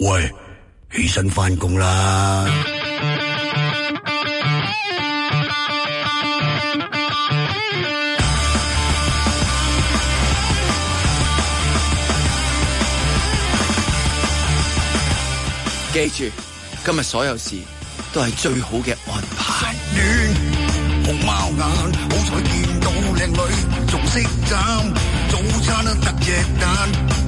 喂，起身翻工啦！記住，今日所有事都係最好嘅安排。紅貓眼，好彩見到靚女，仲識斬，早餐得隻蛋。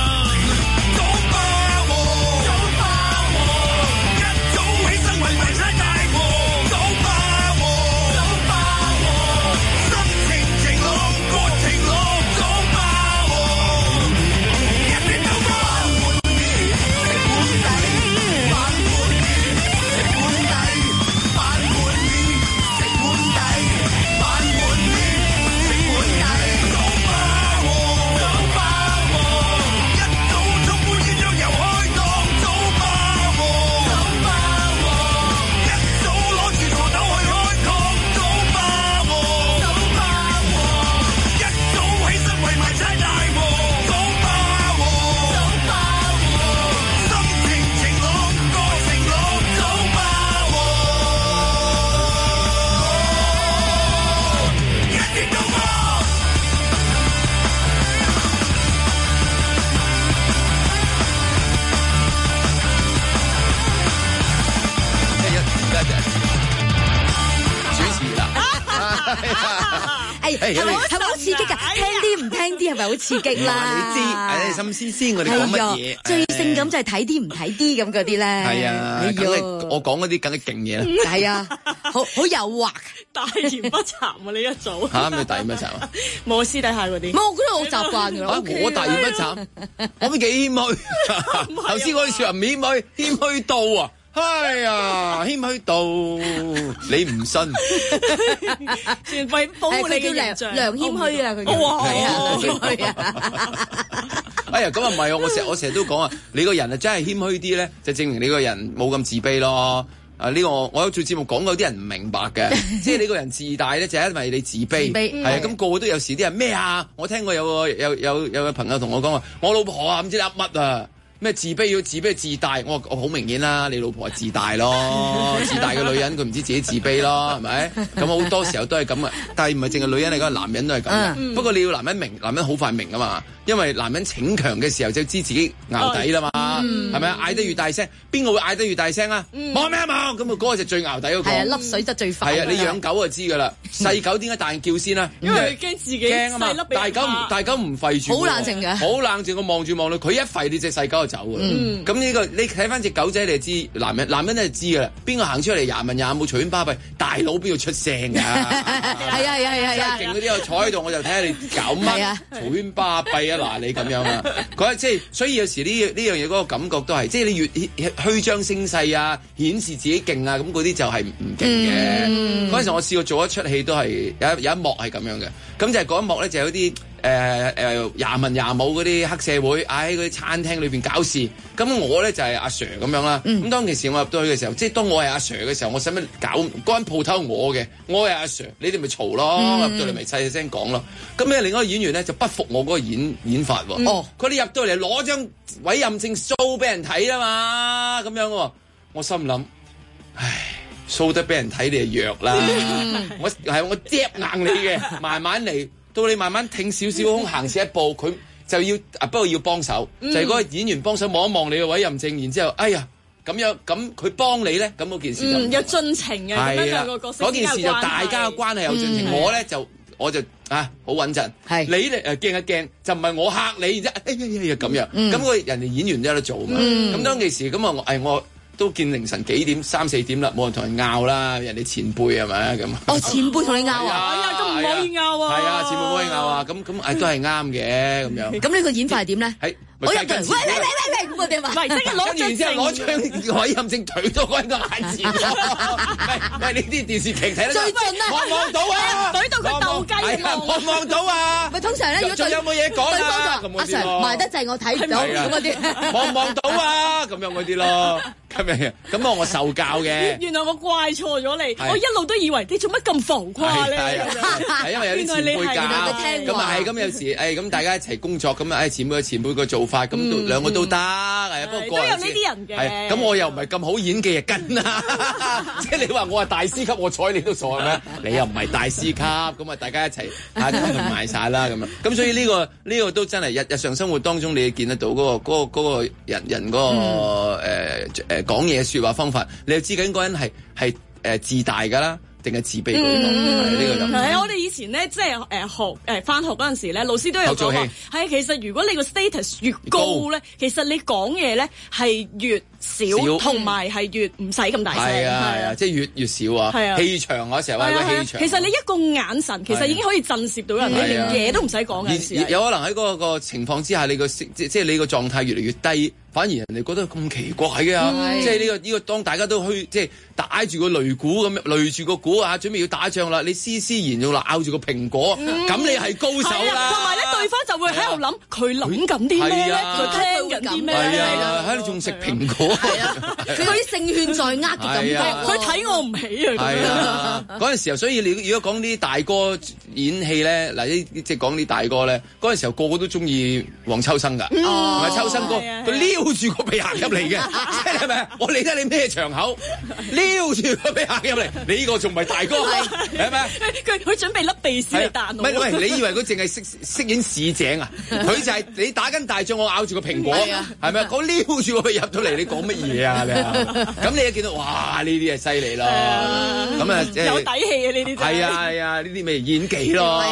係咪係咪好刺激噶？聽啲唔聽啲係咪好刺激啦？你知，睇你心思先。我哋講乜嘢？最性感就係睇啲唔睇啲咁嗰啲咧。係啊，你咁我講嗰啲更加勁嘢啦。係啊，好好誘惑，大言不慚啊！你一組吓咩大言不慚啊？我私底下嗰啲，唔係我覺得好習慣噶咯。我大言不慚，我幾謙虛。頭先我句說話謙虛，謙虛到啊！係呀，謙虛到你唔信，全為保護你嘅形象。哇，謙虛啊！哎呀，咁啊唔係我成我成日都講啊，你個人啊真係謙虛啲咧，就證明你個人冇咁自卑咯。啊、這個，呢個我有做節目講嗰啲人唔明白嘅，即係 你個人自大咧，就係、是、因為你自卑。自卑係啊，咁個個都有時啲人咩啊？我聽過有個有有有個朋友同我講話，我老婆啊，唔知你噏乜啊！咩自卑要自卑自大，我好明顯啦，你老婆自大咯，自大嘅女人佢唔知自己自卑咯，係咪？咁好多時候都係咁啊，但係唔係淨係女人嚟㗎，男人都係咁。不過你要男人明，男人好快明啊嘛，因為男人逞強嘅時候就知自己淆底啦嘛，係咪啊？嗌得越大聲，邊個會嗌得越大聲啊？望咩望，咁啊嗰個就最淆底嗰個，水質最係啊，你養狗就知㗎啦，細狗點解大叫先啊？因為佢驚自己甩啊嘛。大狗大狗唔吠住，好冷靜嘅，好冷靜。我望住望到佢一吠你隻細狗。走嘅，咁呢、嗯，呢個你睇翻隻狗仔你就知，男人男人咧就知噶啦，邊個行出嚟，廿問廿冇，嘈喧巴閉，大佬邊度出聲噶？係啊係啊係啊，一勁嗰啲，我坐喺度，我就睇下你搞乜嘈喧巴閉啊！嗱，你咁樣啊？佢即係，所以有時呢呢樣嘢嗰個感覺都係，即、就、係、是、你越虛張聲勢啊，顯示自己勁啊，咁嗰啲就係唔勁嘅。嗰陣、嗯、時我試過做一出戲，都係有一有一幕係咁樣嘅，咁就係、是、嗰、就是、一幕咧，就，一就有一啲。誒誒、呃呃、廿文廿武嗰啲黑社會，喺嗰啲餐廳裏邊搞事。咁我咧就係、是、阿 Sir 咁樣啦。咁、嗯、當其時我入到去嘅時候，即係當我係阿 Sir 嘅時候，我使乜搞？嗰間鋪頭我嘅，我係阿 Sir，你哋咪嘈咯。入到嚟咪細細聲講咯。咁咧另外一個演員咧就不服我嗰個演演法喎。佢哋入到嚟攞張委任證 show 俾人睇啊嘛，咁樣。我心諗，唉，show 得俾人睇你係弱啦、嗯。我係我夾硬你嘅，慢慢嚟。到你慢慢挺少少胸行前一步，佢就要啊，不過要幫手，嗯、就係嗰個演員幫手望一望你嘅位任正，然之後，哎呀，咁樣咁佢幫你咧，咁嗰件事就，嗯、的就，唔有盡情嘅，嗰件事就大家嘅關係有盡情，嗯、我咧就我就啊好穩陣，係的你咧啊驚一驚，就唔係我嚇你啫，哎呀咁樣，咁我、嗯、人哋演員都有得做嘛，咁、嗯嗯、當其時咁啊、哎，我誒我。都見凌晨幾點三四點啦，冇人同人拗啦，人哋前輩係咪啊咁？哦，前輩同你拗啊！哎呀，都唔可以拗喎！係啊，前輩唔可以拗啊！咁咁誒都係啱嘅咁樣。咁呢個演法係點咧？係攞盾，喂喂喂喂喂，咁我點啊？唔係跟住攞盾，跟住之後攞槍，攞音聲，取到嗰啲大字幕。唔係呢啲電視劇睇得最近啊！望望到啊！取到佢鬥雞望望到啊！咪通常咧，如果再有冇嘢講咧，阿 Sir 賣得滯，我睇唔到嗰啲。望望到啊！咁樣嗰啲咯。咁啊！我受教嘅。原來我怪錯咗你。我一路都以為你做乜咁浮誇咧？係。因為有啲前輩教。咁啊係咁，有時誒咁大家一齊工作咁啊誒，前輩前輩個做法咁都兩個都得。係啊，不過都有呢啲人嘅。咁我又唔係咁好演技啊，跟啊。即係你話我係大師級，我睬你都傻係咪？你又唔係大師級，咁啊大家一齊啊咁咪賣晒啦咁啊。咁所以呢個呢個都真係日日常生活當中你見得到嗰個嗰個人人嗰個講嘢說話方法，你又知緊個人係係誒自大噶啦，定係自卑嗰呢個感覺。係、嗯、我哋以前咧，即係誒、呃、學誒翻學陣時咧，老師都有講話，係其實如果你個 status 越高咧，高其實你講嘢咧係越。少同埋係越唔使咁大聲，係啊係啊，即係越越少啊！氣場啊，成日話個氣場。其實你一個眼神，其實已經可以震懾到人，你連嘢都唔使講。有可能喺嗰個情況之下，你個即係你個狀態越嚟越低，反而人哋覺得咁奇怪嘅，即係呢個呢個當大家都去即係打住個擂鼓咁擂住個鼓啊，準備要打仗啦！你斯斯然要咬住個蘋果，咁你係高手。同埋咧，對方就會喺度諗佢諗緊啲咩咧？佢睇緊啲咩咧？嚇你仲食蘋果？係啊，佢勝券在握嘅感覺，佢睇我唔起啊！係啊，嗰陣時候，所以你如果講啲大哥演戲咧，嗱，即講啲大哥咧，嗰陣時候個個都中意黃秋生噶，同埋秋生哥，佢撩住個鼻行入嚟嘅，即係咪？我理得你咩場口，撩住個鼻行入嚟，你呢個仲唔係大哥？係咪？佢佢準備甩鼻屎嚟彈我。唔係，喂，你以為佢淨係識識演市井啊？佢就係你打緊大仗，我咬住個蘋果，係咪？佢撩住個鼻入到嚟，你講。乜嘢啊？咁你一見到哇，呢啲係犀利咯！咁啊，有底氣啊！呢啲係啊係啊，呢啲咪演技咯。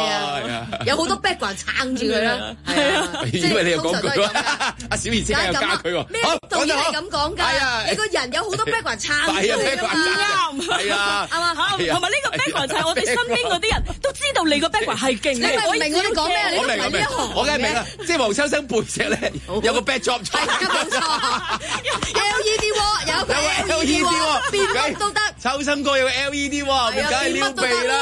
有好多 background 撐住佢啦。以為你又講句啊，小兒子喺家居喎。咩當然係咁講㗎。你個人有好多 background 撐住佢啊嘛。啱啊！同埋呢個 background 就係我哋身邊嗰啲人都知道你個 background 係勁。你係明我講咩？你明呢一行，我梗係明啦。即係黃秋生背脊咧有個 background。係冇錯。LED 喎有佢 LED 喎，邊粒都得。秋生哥有 LED 喎，唔該撩鼻啦。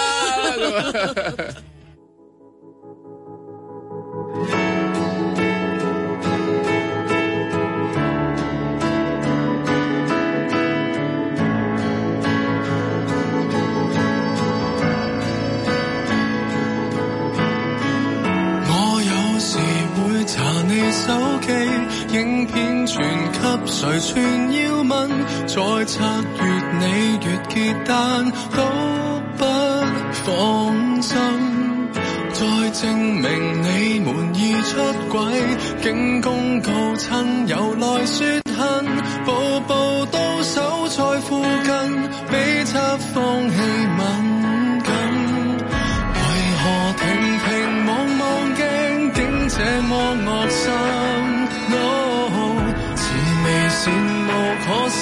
我有時會查你手機。影片全傳給誰？全要問。再查閱你月結單，都不放心。再證明你們已出軌，竟公告親友內説恨，步步都守在附近，被拆放棄敏感。為何停停望望鏡，竟這麼惡心？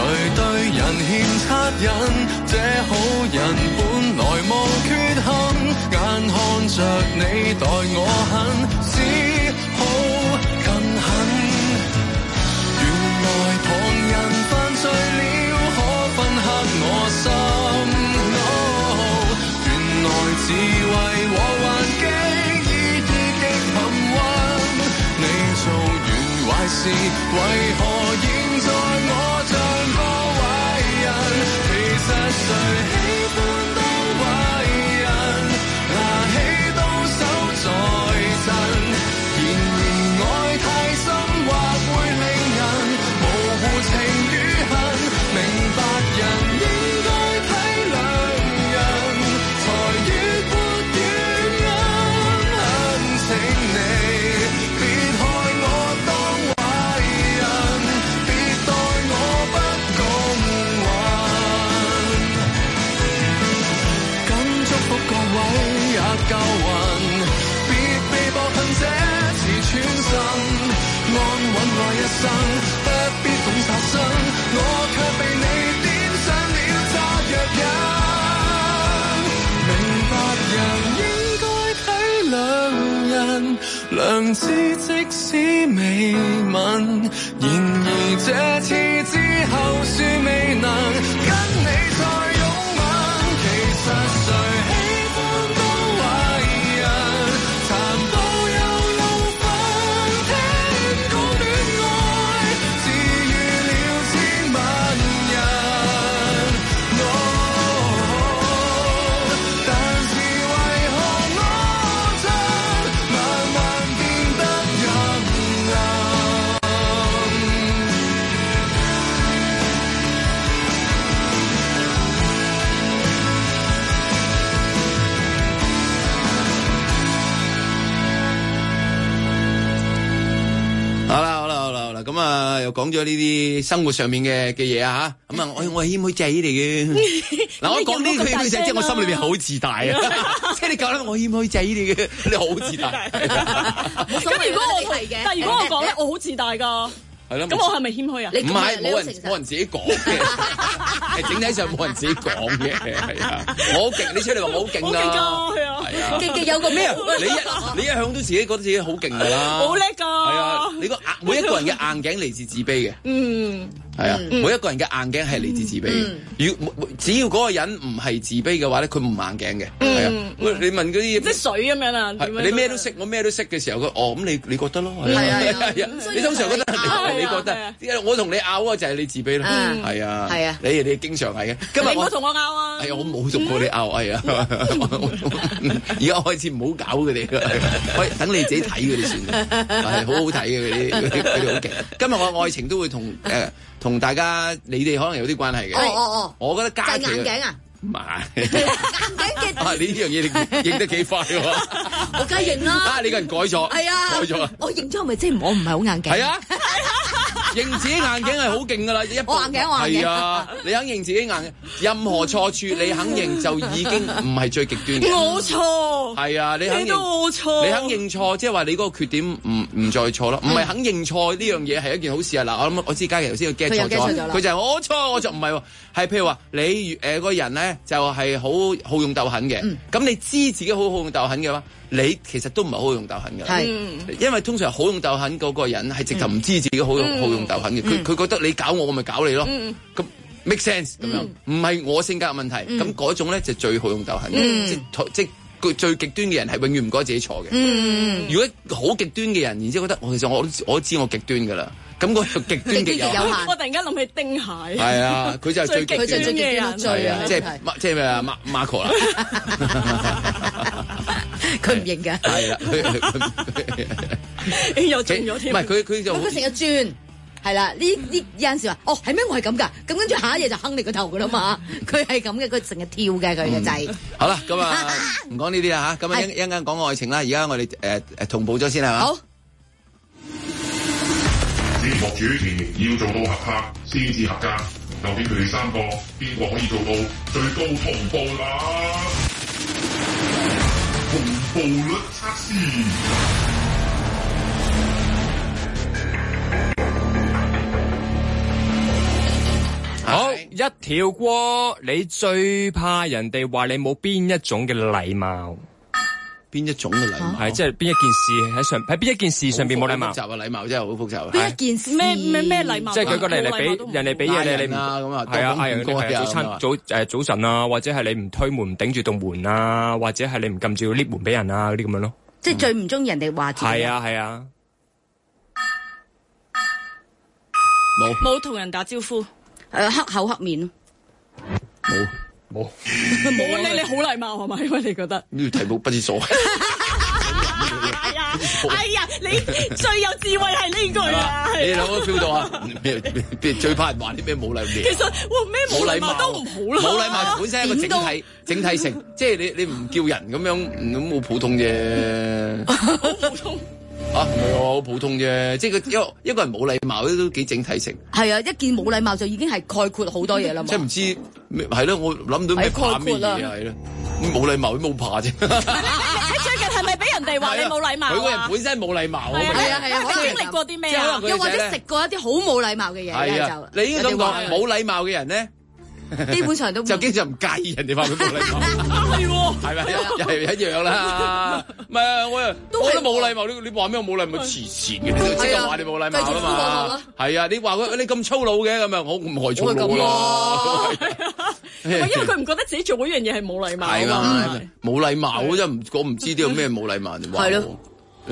誰對對人欠惻隱，這好人本來無缺陷，眼看着你待我狠。為何現在我像個壞人？其實誰喜歡？？ 不必懂殺生，我卻被你點上了炸藥引。明白人應該體諒人，良知即使未泯，然而這次之後説未能。講咗呢啲生活上面嘅嘅嘢啊吓，咁啊、哦、我你我謙虛仔嚟嘅，嗱我講啲謙虛仔即係我心裏邊好自大啊，即係 你覺得我謙虛仔嚟嘅，你好自大。咁如果我嘅，但係如果我講咧，我好自大噶，係咯，咁我係咪謙虛啊？你唔係冇人冇人自己講嘅。 整體上冇人自己講嘅，係啊！我好勁，你出嚟話我好勁㗎，係啊！勁勁、啊啊、有個咩 你一你一向都自己覺得自己、啊、好勁㗎啦，好叻㗎，係啊！你個每一個人嘅硬頸嚟自自卑嘅， 嗯。係啊，每一個人嘅硬頸係嚟自自卑。如果只要嗰個人唔係自卑嘅話咧，佢唔硬頸嘅。係啊，你問嗰啲嘢，即係水咁樣啊。你咩都識，我咩都識嘅時候，佢哦咁你你覺得咯。係啊，你通常覺得你覺得，我同你拗啊就係你自卑咯。係啊係啊，你你經常係嘅。今日我同我拗啊。我冇同過你拗啊。而家開始唔好搞佢哋，等你自己睇佢哋算，係好好睇嘅嗰啲好勁。今日我愛情都會同誒。同大家你哋可能有啲關係嘅、哦，哦哦哦，我覺得戴眼鏡啊，唔係、啊，眼鏡嘅。你呢樣嘢你得 認得幾快喎，我梗係認啦。你個人改咗，係 啊，改咗。就是、是啊。我認咗係咪即係我唔係好眼鏡，係啊。認自己硬頸係好勁㗎喇，一眼係啊，你肯認自己硬頸，任何錯處你肯認就已經唔係最極端。冇錯錯，係啊，你肯認你冇我錯，你肯認錯，即係話你嗰個缺點唔唔再錯咯，唔係肯認錯呢樣嘢係一件好事啊！嗱，我諗我知家琪頭先佢 get 錯咗，佢就係我錯，我就唔係喎。係譬如話你誒嗰個人咧就係好好用鬥狠嘅，咁、嗯、你知自己好好用鬥狠嘅話。你其實都唔係好勇鬥狠嘅，因為通常好勇鬥狠嗰個人係直頭唔知自己好勇好勇鬥狠嘅，佢佢覺得你搞我，我咪搞你咯。咁 make sense 咁樣，唔係我性格問題。咁嗰種咧就最好勇鬥狠，即即佢最極端嘅人係永遠唔覺得自己錯嘅。如果好極端嘅人，然之後覺得，其實我我知我極端噶啦，咁個極端嘅人，我突然間諗起丁蟹。係啊，佢就係最佢就係最極端嘅人，係啊，即係即係咩啊？Marco 啦。佢唔認嘅，係啦，佢佢佢又轉咗添，唔係佢佢就佢成日轉，係啦，呢呢有陣時話哦，係咩我係咁噶，咁跟住下嘢就坑你個頭噶啦嘛，佢係咁嘅，佢成日跳嘅佢就係，好啦，咁啊唔講呢啲啦吓，咁啊一一陣講愛情啦，而家我哋誒誒同步咗先係嘛，好，節目主持要做到合拍先至合格，究竟佢哋三個邊個可以做到最高同步啦？好，一條過。你最怕人哋話你冇邊一種嘅禮貌？邊一種嘅禮貌？係即係邊一件事喺上喺邊一件事上邊冇禮貌？複雜啊，禮貌真係好複雜。邊一件事？咩咩咩禮貌？即係佢個嚟嚟，俾人哋俾嘢你啦咁啊？係啊係，唔該。早餐早誒，早晨啊，或者係你唔推門頂住道門啊，或者係你唔撳住要 lift 門俾人啊，嗰啲咁樣咯。即係最唔中意人哋話。係啊係啊。冇冇同人打招呼，誒，黑口黑面咯。冇。冇，冇你你好禮貌係咪？因為你覺得呢個題目不知所謂。哎呀，哎呀，你最有智慧係呢句啊！你兩個都 feel 到啊！最怕人話啲咩冇禮貌。其實，咩冇禮貌都唔好啦。冇禮貌本身係一個整體，整體性，即係你你唔叫人咁樣，咁好普通啫。好普通。啊，唔係好普通啫，即係個一一個人冇禮貌都幾整體性。係啊，一件冇禮貌就已經係概括好多嘢啦嘛。即係唔知咩係咯，我諗到咩概括係咯。冇禮貌佢冇怕啫。你最近係咪俾人哋話你冇禮貌？佢個人本身冇禮貌。係啊係啊，經歷過啲咩啊？又或者食過一啲好冇禮貌嘅嘢咧就？你應該點講冇禮貌嘅人咧？基本上都就經常唔介意人哋話佢冇禮貌，係咪？係一樣啦，唔係啊！我又都覺得冇禮貌，你你話咩？我冇禮貌，遲前嘅，你都知我話你冇禮貌啦嘛？係啊，你話佢你咁粗魯嘅咁樣，我唔害粗魯咯。因為佢唔覺得自己做嗰樣嘢係冇禮貌，係嘛？冇禮貌，真係唔我唔知呢個咩冇禮貌嘅話。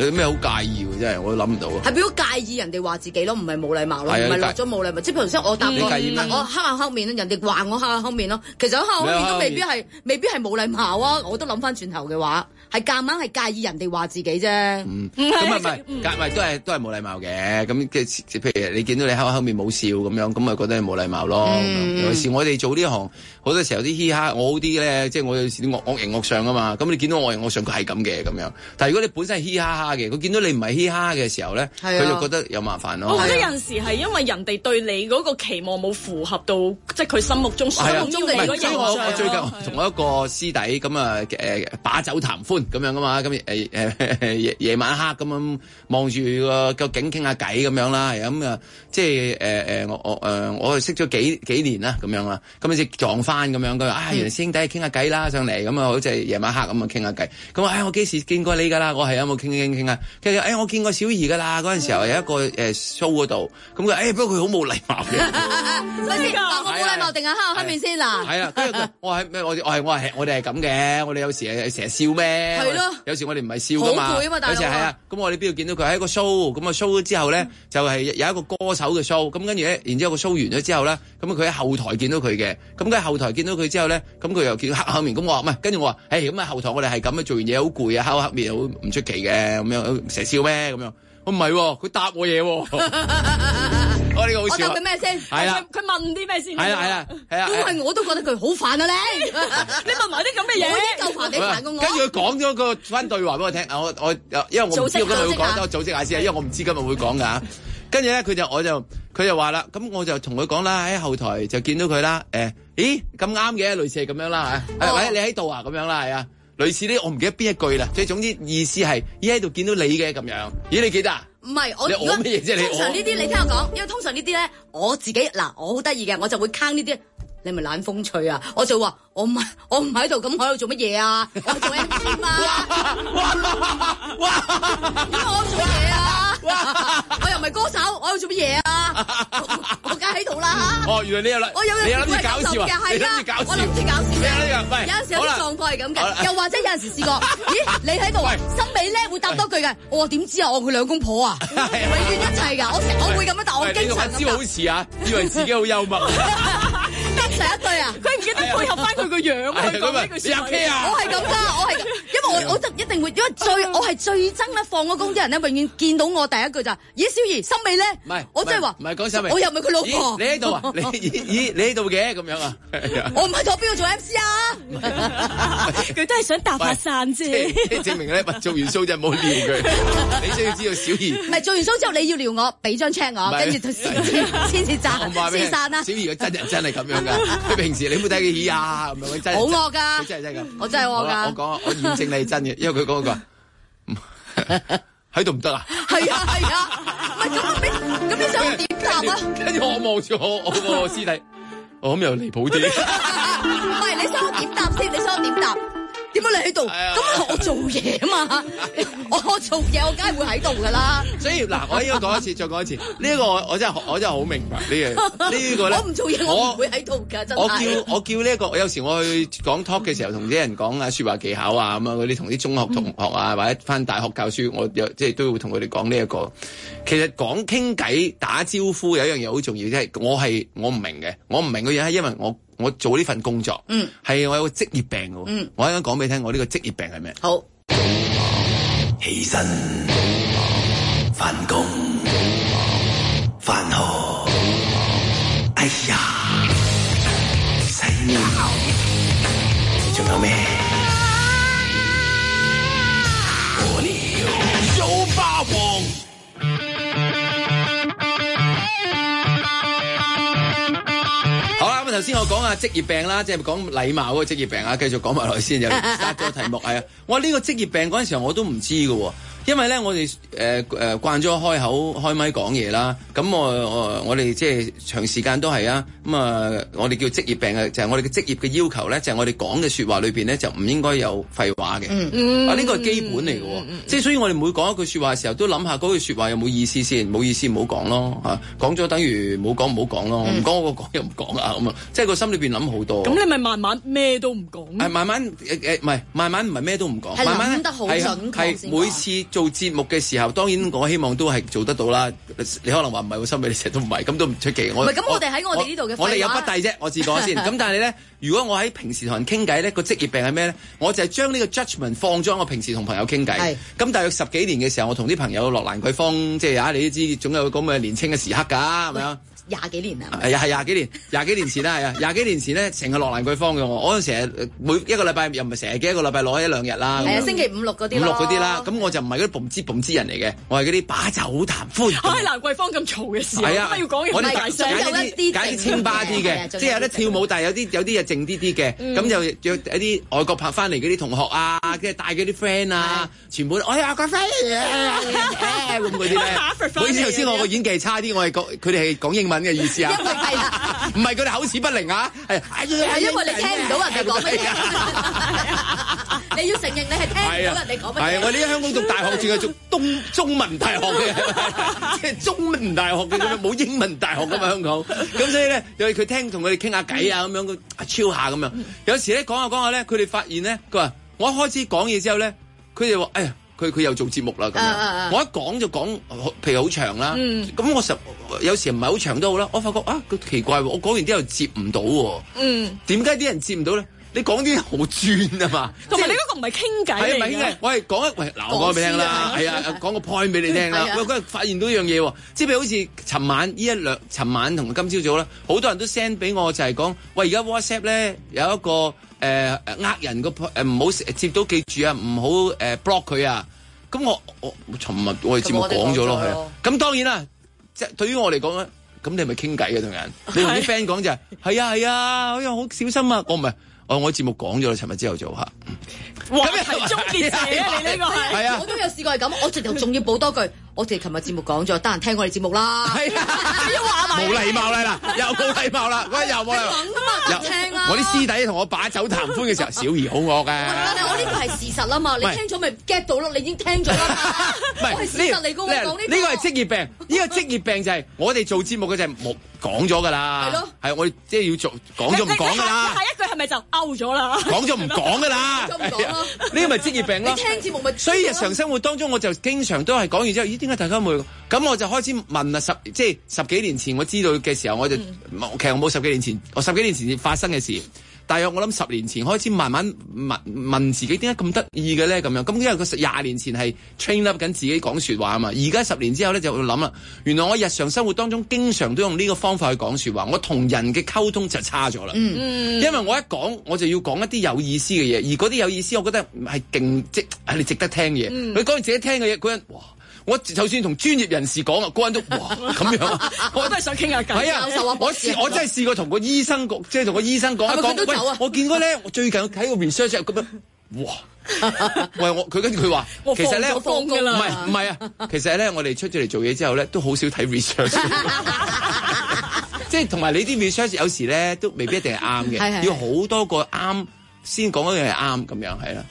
你咩好介意嘅真係，我都諗唔到啊！係比較介意人哋話自己咯，唔係冇禮貌咯，唔係落咗冇禮貌。即係譬如先我答你介意，我黑下黑面人哋話我黑下黑面咯。其實黑我面都未必係，麼未必係冇禮貌啊！我都諗翻轉頭嘅話。係夾硬係介意人哋話自己啫，咁唔係唔係，唔係 都係都係冇禮貌嘅。咁即係譬如你見到你後後面冇笑咁樣，咁咪覺得你冇禮貌咯。嗯、尤其是我哋做呢行，好多時候啲嘻哈，我好啲咧，即係我有時啲惡惡形惡相啊嘛。咁你見到我，我，我上佢係咁嘅咁樣。但係如果你本身係嘻，嘻哈哈嘅，佢見到你唔係嘻，嘻哈哈嘅時候咧，佢、啊、就覺得有麻煩咯。我覺得有陣時係因為人哋對你嗰個期望冇符合到，即係佢心目中、啊、心目中嗰樣。所以、啊、我，我最近同我一個師弟咁啊誒把酒談咁樣噶嘛，咁夜夜夜晚黑咁樣望住個個景傾下偈咁樣啦，咁啊，即係誒誒我我誒我識咗幾幾年啦，咁樣啦，咁你似撞翻咁樣，佢話啊，原來師兄弟傾下偈啦上嚟，咁啊好似夜晚黑咁啊傾下偈，咁啊，我幾時見過你噶啦，我係有冇傾傾傾啊，傾傾，我見過小儀噶啦，嗰陣時候有一個誒 show 嗰度。咁佢哎不過佢好冇禮貌嘅，我冇禮貌定啊，黑面先嗱，係啊，跟住咩我我係我係我哋係咁嘅，我哋有時係成日笑咩？係咯， 有時我哋唔係笑好攰嘛，有時係啊。咁 我哋邊度見到佢喺個 show？咁啊 show 咗之後咧，就係有一個歌手嘅 show。咁跟住，然後呢然後之後個 show 完咗之後咧，咁佢喺後台見到佢嘅。咁佢喺後台見到佢之後咧，咁佢又見到黑口面。咁我話唔係，跟住我話，誒咁啊後台我哋係咁樣，做完嘢好攰啊，黑口面好唔出奇嘅咁樣，成日笑咩咁樣？唔係喎，佢、啊、答我嘢喎。我答佢咩先？係啦，佢問啲咩先？係啊，係啦係啦。因為我都覺得佢好煩啊！你，你問埋啲咁嘅嘢，咁煩嘅煩嘅。我跟住佢講咗個番對話俾我聽。我我因為我唔知今日會講，我組織下先啊。因為我唔知今日會講㗎。跟住咧，佢就我就佢就話啦。咁我就同佢講啦。喺後台就見到佢啦。誒、欸，咦咁啱嘅，類似係咁樣啦嚇。喂、哦欸，你喺度啊？咁樣啦，係 啊楽。類似呢，我唔記得邊一句啦，即係總之意思係依家喺度見到你嘅咁樣，咦，你記得啊？唔係我，我乜嘢啫？你通常呢啲，你聽我講，噓因為通常呢啲咧，我自己嗱，我好得意嘅，我就會坑呢啲，你咪懶風趣啊！我就話我唔係，我唔喺度，咁我喺度做乜嘢啊？我做 MV 嘛？ 哇哇哇欸，我喺度做乜嘢啊？ 我又唔係歌手，我喺度做乜嘢啊？我梗喺度啦嚇！哦，原來你有我有樣嘢，你諗住搞笑啊！你諗住搞笑咩？呢個唔係，有陣時個狀況係咁嘅，又或者有時試過，咦？你喺度啊？森美咧會答多句嘅，我點知啊？我佢兩公婆啊，永遠一齊㗎，我我會咁樣，答，我經常咁樣。好似啊，以為自己好幽默。爭第一對啊！佢唔記得配合翻佢個樣啊！佢咪？我係咁噶，我係，因為我我就一定會，因為最我係最憎咧，放個工啲人咧，永遠見到我第一句就咦，小儀，心美咧？唔係，我真係話，唔係講心美，我又唔係佢老婆。你喺度啊？你你你喺度嘅咁樣啊？我唔係坐邊度做 M C 啊？佢都係想搭發散啫。即係證明咧，做完 show 就唔好撩佢。你需要知道小儀。唔係做完 show 之後你要撩我，俾張 check 我，跟住先先至讚先散啦。小儀嘅真人真係咁樣。佢 平時你冇睇佢耳啊？咁樣佢真係好惡噶，真係真噶，我真係惡噶。我講，我驗證你係真嘅，因為佢講嗰句喺度唔得啊！係啊係啊，唔係咁，咁你想點答啊？跟住我望住我我個師弟，我咁又離譜啲。唔係 喂，你想我點答先？你想我點答？點解你喺度？咁、哎、呀我做嘢啊嘛，哎、呀我做嘢，我梗係會喺度噶啦。所以嗱，我應該講一次， 再講一次。呢、這、一個我真係，我真係好明白、這個這個、呢嘢。呢個我唔做嘢，我唔我會喺度噶。真係我叫我叫呢、這、一個。有時我去講 talk 嘅時候，同啲人講啊，說話技巧啊，咁啊，啲同啲中學同學啊，或者返大學教書，我有即係都會同佢哋講呢一個。其實講傾偈、打招呼有一樣嘢好重要，即、就、係、是、我係我唔明嘅，我唔明嘅嘢係因為我。我做呢份工作，係、嗯、我有個職業病嘅、嗯。我一陣間講俾你聽，我呢個職業病係咩？好。早忙，起身，早忙，返工，早忙，返學，早忙，哎呀，你仲有咩？頭先我講下職業病啦，即係講禮貌嗰個職業病啊，繼續講埋落先，又得咗個題目，係啊，我呢、 這個職業病嗰陣時候我都唔知噶喎。因為咧，我哋誒誒慣咗開口開麥講嘢啦，咁我我哋即係長時間都係啊。咁啊，我哋叫職業病嘅，就係、是、我哋嘅職業嘅要求咧，就係、是、我哋講嘅説話裏邊咧，就唔應該有廢話嘅。呢個係基本嚟嘅。即係所以，我哋每講一句説話嘅時候，都諗下嗰句説話有冇意思先，冇意思唔好講咯。嚇，講咗等於冇講，唔好講咯。唔講我講又唔講啊，咁啊，即係個心裏邊諗好多。咁、嗯、你咪慢慢咩都唔講、哎。慢慢唔係、哎哎、慢慢唔係咩都唔講，慢諗得好準先，係每次。做節目嘅時候，當然我希望都係做得到啦。你可能話唔係，我心你成日都唔係，咁都唔出奇。唔係，咁我哋喺我哋呢度嘅，我哋有不第啫。我自講先。咁 但係你咧，如果我喺平時同人傾偈咧，個職業病係咩咧？我就係將呢個 judgment 放咗喺我平時同朋友傾偈。咁是大約十幾年嘅時候，我同啲朋友落蘭桂坊，即係啊，你都知總有咁嘅年輕嘅時刻㗎，係咪啊？ 廿幾年啦，係係廿幾年，廿幾年前啦係啊，廿幾年前咧，成日落蘭桂坊嘅我，我成日每一個禮拜又唔係成日幾一個禮拜攞一兩日啦。係啊，星期五六嗰啲，五六嗰啲啦。咁我就唔係嗰啲蹦支蹦支人嚟嘅，我係嗰啲把酒談歡。喺蘭桂坊咁嘈嘅事候，啊，要講我哋大家解啲清吧啲嘅，即係有啲跳舞，但係有啲有啲嘢靜啲啲嘅。咁就約一啲外國拍翻嚟嗰啲同學啊，跟住帶嗰啲 friend 啊，全部我哎呀咖啡。咁嗰啲咧，好似頭先我個演技差啲，我係講佢哋係講英文嘅意思啊，因為係啦，唔係佢哋口齒不靈啊，係係因為你聽唔到人哋講乜嘢，你要承認你係聽唔到人哋講乜嘢。係我哋喺香港讀大學，仲係讀中中文大學嘅，即係中文大學嘅，冇英文大學㗎嘛香港。咁所以咧，佢聽同佢哋傾下偈啊，咁樣超下咁樣。有時咧講下講下咧，佢哋發現咧，佢話我一開始講嘢之後咧，佢哋話哎呀。佢佢又做節目啦咁樣，啊啊啊啊我一講就講，譬如好長啦，咁、嗯、我實有時唔係好長都好啦。我發覺啊，個奇怪喎，我講完之後又接唔到喎。嗯，點解啲人接唔到咧？你講啲好專啊嘛，同埋你嗰個唔係傾偈嚟㗎。係咪、啊、喂，講一喂，嗱、呃呃、我俾你聽啦，係是啊、哎，講個 point 俾你聽啦。喂，今日發現到一樣嘢，即係譬如好似尋晚呢一兩，尋晚同今朝早啦，好多人都 send 俾我就係講，喂而家 WhatsApp 咧有一個。誒呃人個誒，唔好接到，記住啊，唔好誒 block 佢啊。咁我我尋日我哋節目講咗咯，咁當然啦，即係對於我嚟講咧，咁你係咪傾偈嘅同人？你同啲 friend 講就係，係啊係啊，我又好小心啊。我唔係，我我節目講咗，尋日之後做吓，黃題中烈士啊，你呢個係，我都有試過係咁，我直頭仲要補多句。我哋琴日節目講咗，得閒聽我哋節目啦。係啊，又冇禮貌啦，又冇禮貌啦，喂，又冇。梗㗎嘛，聽我啲師弟同我擺酒談歡嘅時候，小兒好惡㗎。我呢個係事實啊嘛，你聽咗咪 get 到咯，你已經聽咗啦嘛。我係事實嚟噶，講呢呢個係職業病，呢個職業病就係我哋做節目嘅就係冇講咗㗎啦。係咯，我即係要做講咗唔講㗎啦。下一句係咪就勾咗啦？講咗唔講㗎啦。呢個呢個咪職業病咯。你聽節目咪，所以日常生活當中我就經常都係講完之後，大家會咁，我就開始問啦。十即係十幾年前我知道嘅時候，我就、嗯、其實我冇十幾年前，我十幾年前發生嘅事。大約我諗十年前開始慢慢問問自己麼麼，點解咁得意嘅咧？咁樣咁因為佢廿年前係 train up 緊自己講說話啊嘛。而家十年之後咧，就會諗啦，原來我日常生活當中經常都用呢個方法去講說話，我同人嘅溝通就差咗啦。嗯、因為我一講我就要講一啲有意思嘅嘢，而嗰啲有意思，我覺得係勁即係你值得聽嘢。佢講你自己聽嘅嘢嗰陣，我就算同專業人士講啊，個人都哇咁樣，我都係想傾下偈。係啊，我我真係試過同個醫生講，即係同個醫生講一講。我見到走我見過咧，我最近睇個 research 咁樣，哇！喂我，佢跟住佢話，其實咧唔係唔係啊，其實咧我哋出咗嚟做嘢之後咧，都好少睇 research，即係同埋你啲 research 有時咧都未必一定係啱嘅，要好多個啱先講一樣係啱咁樣係啦。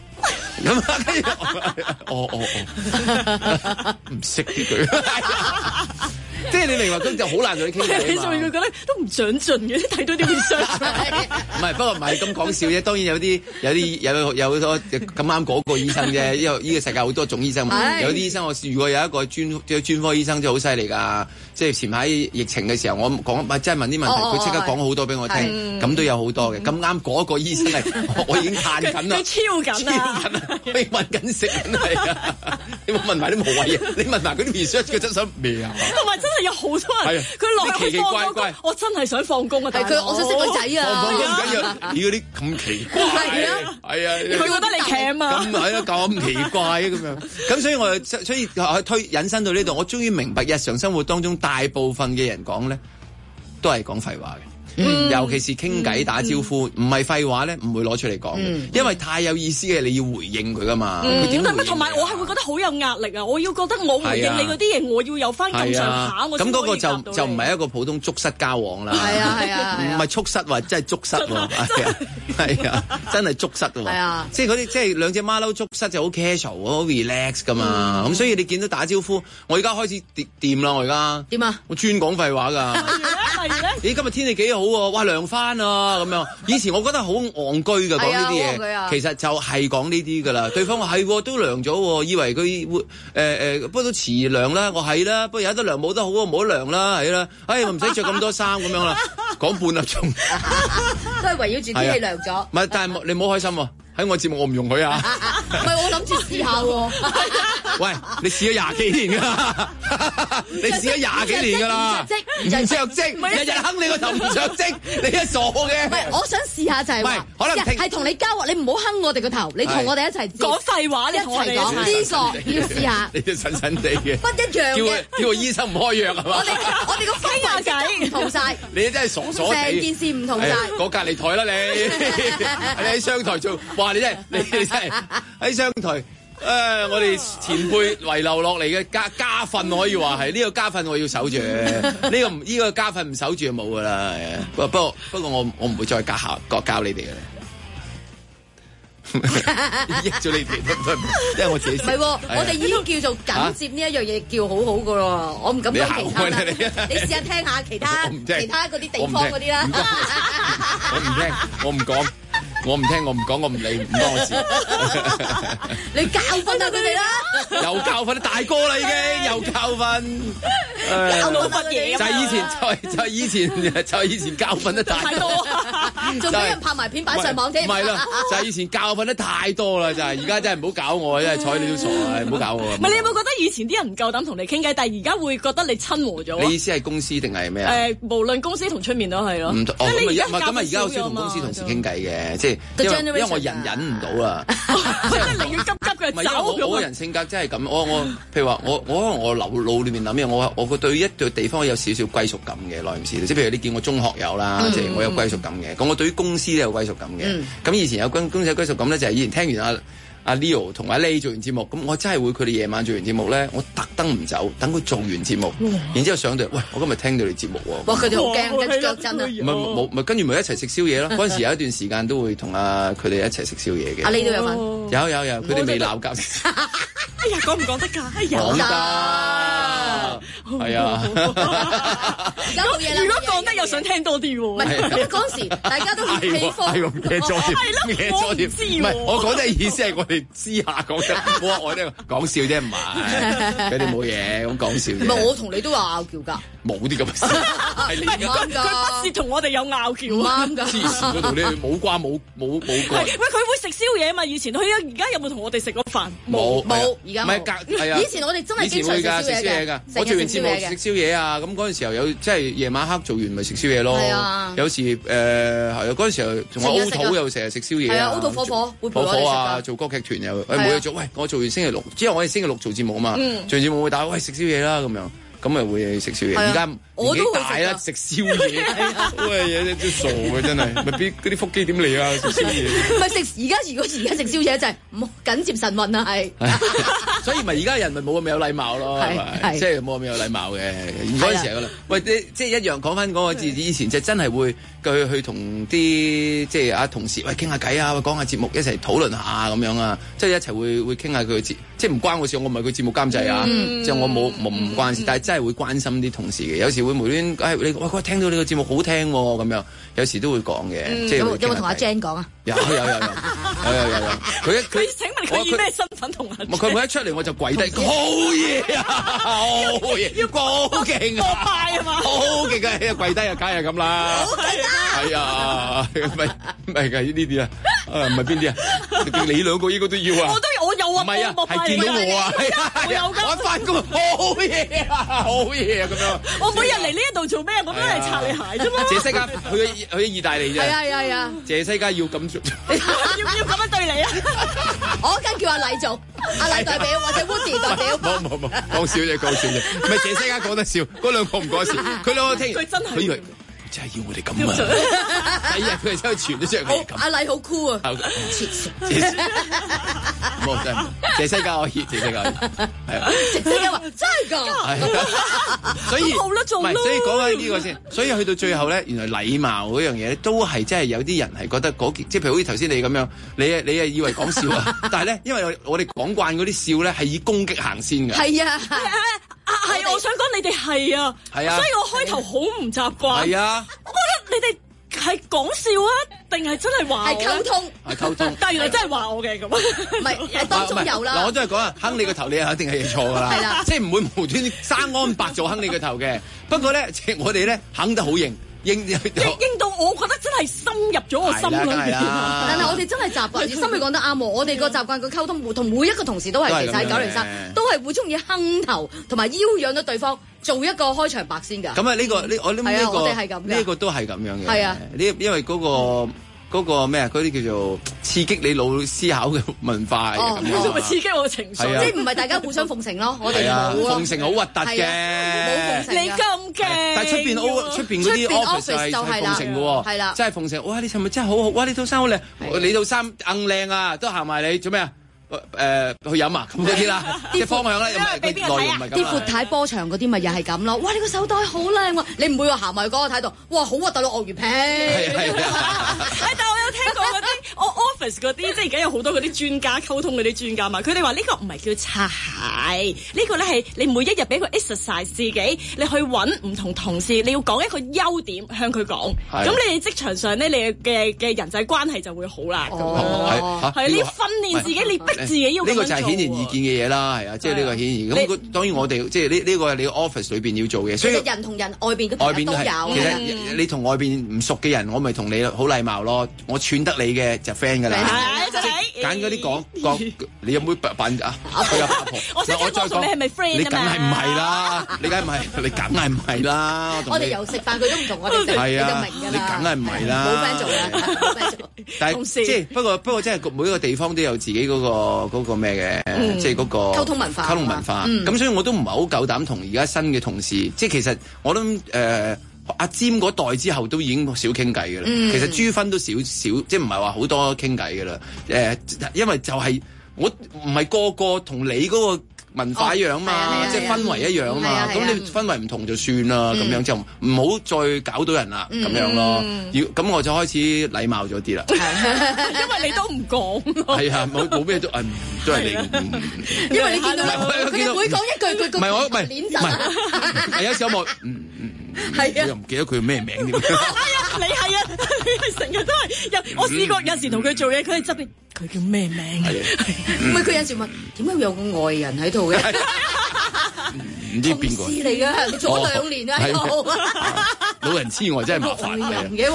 咁啊！哦哦哦，唔識啲佢。即係你明白，咁就好難同你傾偈啊，所以佢覺得都唔長進嘅，睇到啲 research 唔係，不過唔係咁講笑啫。當然有啲有啲有有好多咁啱嗰個醫生啫。因為呢個世界好多種醫生，有啲醫生我如果有一個專專科醫生真係好犀利㗎。即係前排疫情嘅時候，我講唔係真係問啲問題，佢即刻講好多俾我聽，咁都有好多嘅。咁啱嗰個醫生係我已經排緊啦，超緊你問緊食緊係啊？你問埋啲無謂嘢，你問埋嗰啲 research，佢真想同埋有好多人，佢落去放工，我真係想放工啊！但係佢，我想識個仔啊！放工唔緊要，嗰啲咁奇怪，係啊，係啊，佢覺得你騎啊嘛，咁咪係囉，咁奇怪啊咁樣，咁所以我，所以推引申到呢度，我終於明白日常生活當中大部分嘅人講咧，都係講廢話嘅。尤其是傾偈打招呼，唔係廢話咧，唔會攞出嚟講，因為太有意思嘅，你要回應佢噶嘛。咁但同埋我係會覺得好有壓力啊！我要覺得我回應你嗰啲嘢，我要有翻咁上下，我咁嗰個就就唔係一個普通捉蝨交往啦。係係係啊！唔係捉蝨，話真係捉蝨喎。係啊，真係捉蝨喎。即係嗰啲即係兩隻馬騮捉蝨就好 casual，好 relax 噶嘛。咁所以你見到打招呼，我而家開始掂掂啦。我而家點啊？我專講廢話㗎。你今日天氣幾好？哇涼翻啊咁樣，以前我覺得好戇居噶講呢啲嘢，其實就係講呢啲噶啦。 對方話係、啊、都涼咗，以為佢會誒誒，不過都遲涼啦。我係啦、啊，不過有得涼冇得好得啊，唔好涼啦，係啦。 哎， 唔使着咁多衫咁樣啦。講半粒鐘，都係圍繞住天氣涼咗。唔係，但係你唔好開心、啊。 喺我節目我唔容許啊！唔係我諗住試下喎。喂，你試咗廿幾年㗎啦！你試咗廿幾年㗎啦！唔日日積，日日哼你個頭，唔着積，你係傻嘅。唔係，我想試下就係話，係同你交喎，你唔好哼我哋個頭，你同我哋一齊講廢話，你一齊講啊！呢個要試下。你都蠢蠢地嘅。不一樣嘅。叫個醫生唔開藥係嘛？我哋我哋個廢話計唔同曬。你真係傻成件事唔同晒。我隔離台啦你，喺商台做。你真係，你真係喺商台，誒，我哋前輩遺留落嚟嘅家家訓，可以話係呢個家訓，我要守住。呢個唔，呢個家訓唔守住就冇噶啦。不過不過我我唔會再教教教你哋嘅。益咗你哋，因為我自己唔係，我哋已經叫做緊接呢一樣嘢叫好好噶咯。我唔敢講其他啦。你試下聽下其他，其他嗰啲地方嗰啲啦。我唔聽，我唔講。我唔聽，我唔講，我唔理，唔多我事。 你教訓下佢哋啦 又訓！又教訓，大哥啦已經，又教訓、啊，又老乜嘢？就係以前，就就係、以前，就係以前就係、以前教訓得太多，仲 俾、就是、人拍埋片擺上網唔係啦，就係、是、以前教訓得太多啦，就係、是。而家真係唔好搞我，真係睬你都傻，唔好 搞我。唔係你有冇覺得以前啲人唔夠膽同你傾偈，但係而家會覺得你親和咗？你意思係公司定係咩啊？誒、呃，無論公、哦、公、公司同出面都係咯。唔同就。咁啊，而家好少同公司同事傾偈嘅，即係。The 因為我人忍唔到啦，我真係寧願急急嘅走。唔個 人性格真係咁，我我譬如話我我可能我腦腦裏面諗嘢，我我對一個地方有少少歸屬感嘅，耐唔時即譬如你見我中學友啦，即係、嗯、我有歸屬感嘅。咁、嗯、我對於公司都有歸屬感嘅。咁、嗯、以前有間公司有歸屬感咧，就係、是、以前聽完啊。阿 Leo 同阿 L 做完節目，咁我真係會佢哋夜晚做完節目咧，我特登唔走，等佢做完節目，然之後上到，喂，我今日聽到你節目喎。哇，佢哋好驚跟腳跟住咪一齊食宵夜咯。嗰陣時有一段時間都會同阿佢哋一齊食宵夜嘅。阿 L 都有份，有有有，佢哋未鬧交。哎呀，講唔講得㗎？講得。係啊。如果講得又想聽多啲喎。唔係，咁嗰時大家都好氣氛。係咯，我唔知。唔係，我講嘅意思係知下講得冇啊？我哋講笑啫，唔係，佢哋冇嘢咁講笑。唔係我同你都話拗撬㗎，冇啲咁嘅事。佢不是同我哋有拗撬啊？黐線嗰度咧，冇瓜冇冇冇。喂，佢會食宵夜啊嘛？以前佢而家有冇同我哋食過飯？冇冇。而家唔係隔係啊！以前我哋真係經常食宵夜㗎。做完節目食宵夜啊！咁嗰陣時候有即係夜晚黑做完咪食宵夜咯。有時誒係啊！嗰陣時候仲好肚又成日食宵夜啊！好肚火火，會陪我啊！做歌劇。團友，喂冇嘢做，喂我做完星期六，之後我哋星期六做節目啊嘛，嗯、做節目會打，喂食宵夜啦咁樣，咁咪會食宵夜。而家、啊、年紀大啦，食宵夜，喂嘢都傻嘅真係，未 必。嗰啲腹肌點嚟啊？食宵夜，咪食。 而家如果而家食宵夜，就係、是、唔緊接神韻啦。 所以咪而家人咪冇咁有禮貌咯，即係冇咁有禮貌嘅嗰陣時啦。喂，你即係一樣講翻嗰個字，以前就真係會佢去同啲即係啊同事喂傾下偈啊，講下節目一齊討論下咁樣啊，即係一齊會會傾下佢嘅節，即係唔關我事，我唔係佢節目監製啊，即係我冇冇唔關事，但係真係會關心啲同事嘅，有時會無端喂，喂聽到你個節目好聽喎咁樣，有時都會講嘅。即有有冇同阿 Jan 講啊？有有有有有有有佢一佢請問佢以咩身份同我？佢每一出嚟我就跪低，好嘢啊！好嘢，要好勁啊！好拜啊嘛！好勁嘅，跪低啊，梗係咁啦！好係啊！係啊！唔係唔係㗎呢啲啊？唔係邊啲啊？你兩個應該都要啊！我都我有啊！唔係啊！係見到我啊！係啊！我翻工好嘢啊！好嘢啊！咁樣我每日嚟呢一度做咩？我都係擦你鞋啫嘛！謝西家去去意大利啫！係啊係啊！啊！謝西家要咁。 要唔要咁樣對你啊？ 我而家叫阿禮做，阿禮代表或者 Woody 代表。冇冇冇，好唔好，講少啲，講少啲。咪鄭聲啊，講得笑，嗰兩個唔講笑。佢兩個聽佢真係以為。就係要我哋咁啊！ 哎呀，佢真係傳咗出嚟，阿麗好酷啊！好謝謝，謝家我熱，謝謝 真係㗎說 說、 哎。所以冇得做，所以講下呢個先。所以去到最後咧，嗯、原來禮貌嗰樣嘢都係真係有啲人係覺得嗰即係譬如好似頭先你咁樣，你啊你啊以為講笑啊， 但係咧，因為我哋講慣嗰啲笑咧係以攻擊行先嘅。係 啊。啊，係、啊！我想講你哋係啊，啊所以我開頭好唔習慣。係啊，我覺得你哋係講笑啊，定係真係話我、啊？係溝通，係溝通。但原來真係話我嘅咁，唔係 是， 當中有啦。嗱、啊啊，我真係講啊，哼你個頭，你又一定係錯㗎喇。係啦，即係唔會無端生安白做的的，哼你個頭嘅。不過咧，我哋咧哼得好型。應到，我覺得真係深入咗我心裏。但係我哋真係習慣，你心裏講得啱，我哋個習慣個溝通活同每一個同事都係，喺九零三，都係會鍾意哼頭同埋邀養咗對方做一個開場白先㗎。咁啊，呢個呢，我諗呢個呢個都係咁樣嘅。係啊，呢因為嗰個。嗰個咩啊？嗰啲叫做刺激你腦思考嘅文化嘅，咁咪刺激我嘅情緒，即係唔係大家互相奉承咯？我哋冇奉承好核突嘅，冇奉承你咁嘅，但係出邊出邊嗰啲 office 就係奉承嘅喎，係啦，即係奉承。哇！你尋日真係好好，哇！你套衫好靚，你套衫硬靚啊，都行埋你做咩啊？誒去飲啊！咁嗰啲啦，即係方向啦，因為俾邊個睇啊？啲闊太波長嗰啲咪又係咁咯。哇！你個手袋好靚喎，你唔會話行埋嗰個台度。哇！好核突咯，鱷魚皮。但我有聽過嗰啲，我 office 嗰啲，即係而家有好多嗰啲專家，溝通嗰啲專家嘛。佢哋話呢個唔係叫擦鞋，呢個咧係你每一日俾佢 exercise 自己，你去揾唔同同事，你要講一個優點向佢講。咁你哋職場上咧，你嘅嘅人際關係就會好啦。咁你訓練自己，你逼。自己要呢個就係顯然易見嘅嘢啦，係啊，即係呢個顯然咁，當然我哋即係呢呢個係你 office 裏邊要做嘅。所以人同人外邊嘅外邊係其實你同外邊唔熟嘅人，我咪同你好禮貌咯。我串得你嘅就 friend 㗎啦。揀啲講講，你有冇品啊？我想我再講，係咪 friend 你梗係唔係啦？你梗係唔係？你梗係唔係啦？我哋又食飯，佢都唔同我哋食，咁你梗係唔係啦？冇 friend 做啦。公司即係不過不過真係每一個地方都有自己嗰個。哦，嗰、嗯那個咩嘅，即係嗰個溝通文化，溝通文化。咁、嗯、所以我都唔係好夠膽同而家新嘅同事，嗯、即係其實我諗誒阿詹嗰代之後都已經少傾偈噶啦。嗯、其實朱芬都少少，即係唔係話好多傾偈噶啦。誒、呃，因為就係、是、我唔係個個同你嗰、那個。文化一樣嘛，即係氛圍一樣嘛，咁你氛圍唔同就算啦，咁樣就唔好再搞到人啦，咁樣咯，要咁我就開始禮貌咗啲啦。因為你都唔講，係啊，冇冇咩都誒，都係你。因為你見到咧，佢每講一句，佢咁樣唔係我，唔係，唔係，有時候冇，係啊，我又唔記得佢咩名添。哎呀，你係啊，成日都係，我試過有時同佢做嘢，佢喺側邊。佢叫咩名？唔係，佢有時問，點解會有個外人喺度嘅？唔知邊個嚟，你做咗兩年啊，老人痴呆真係麻煩嘅。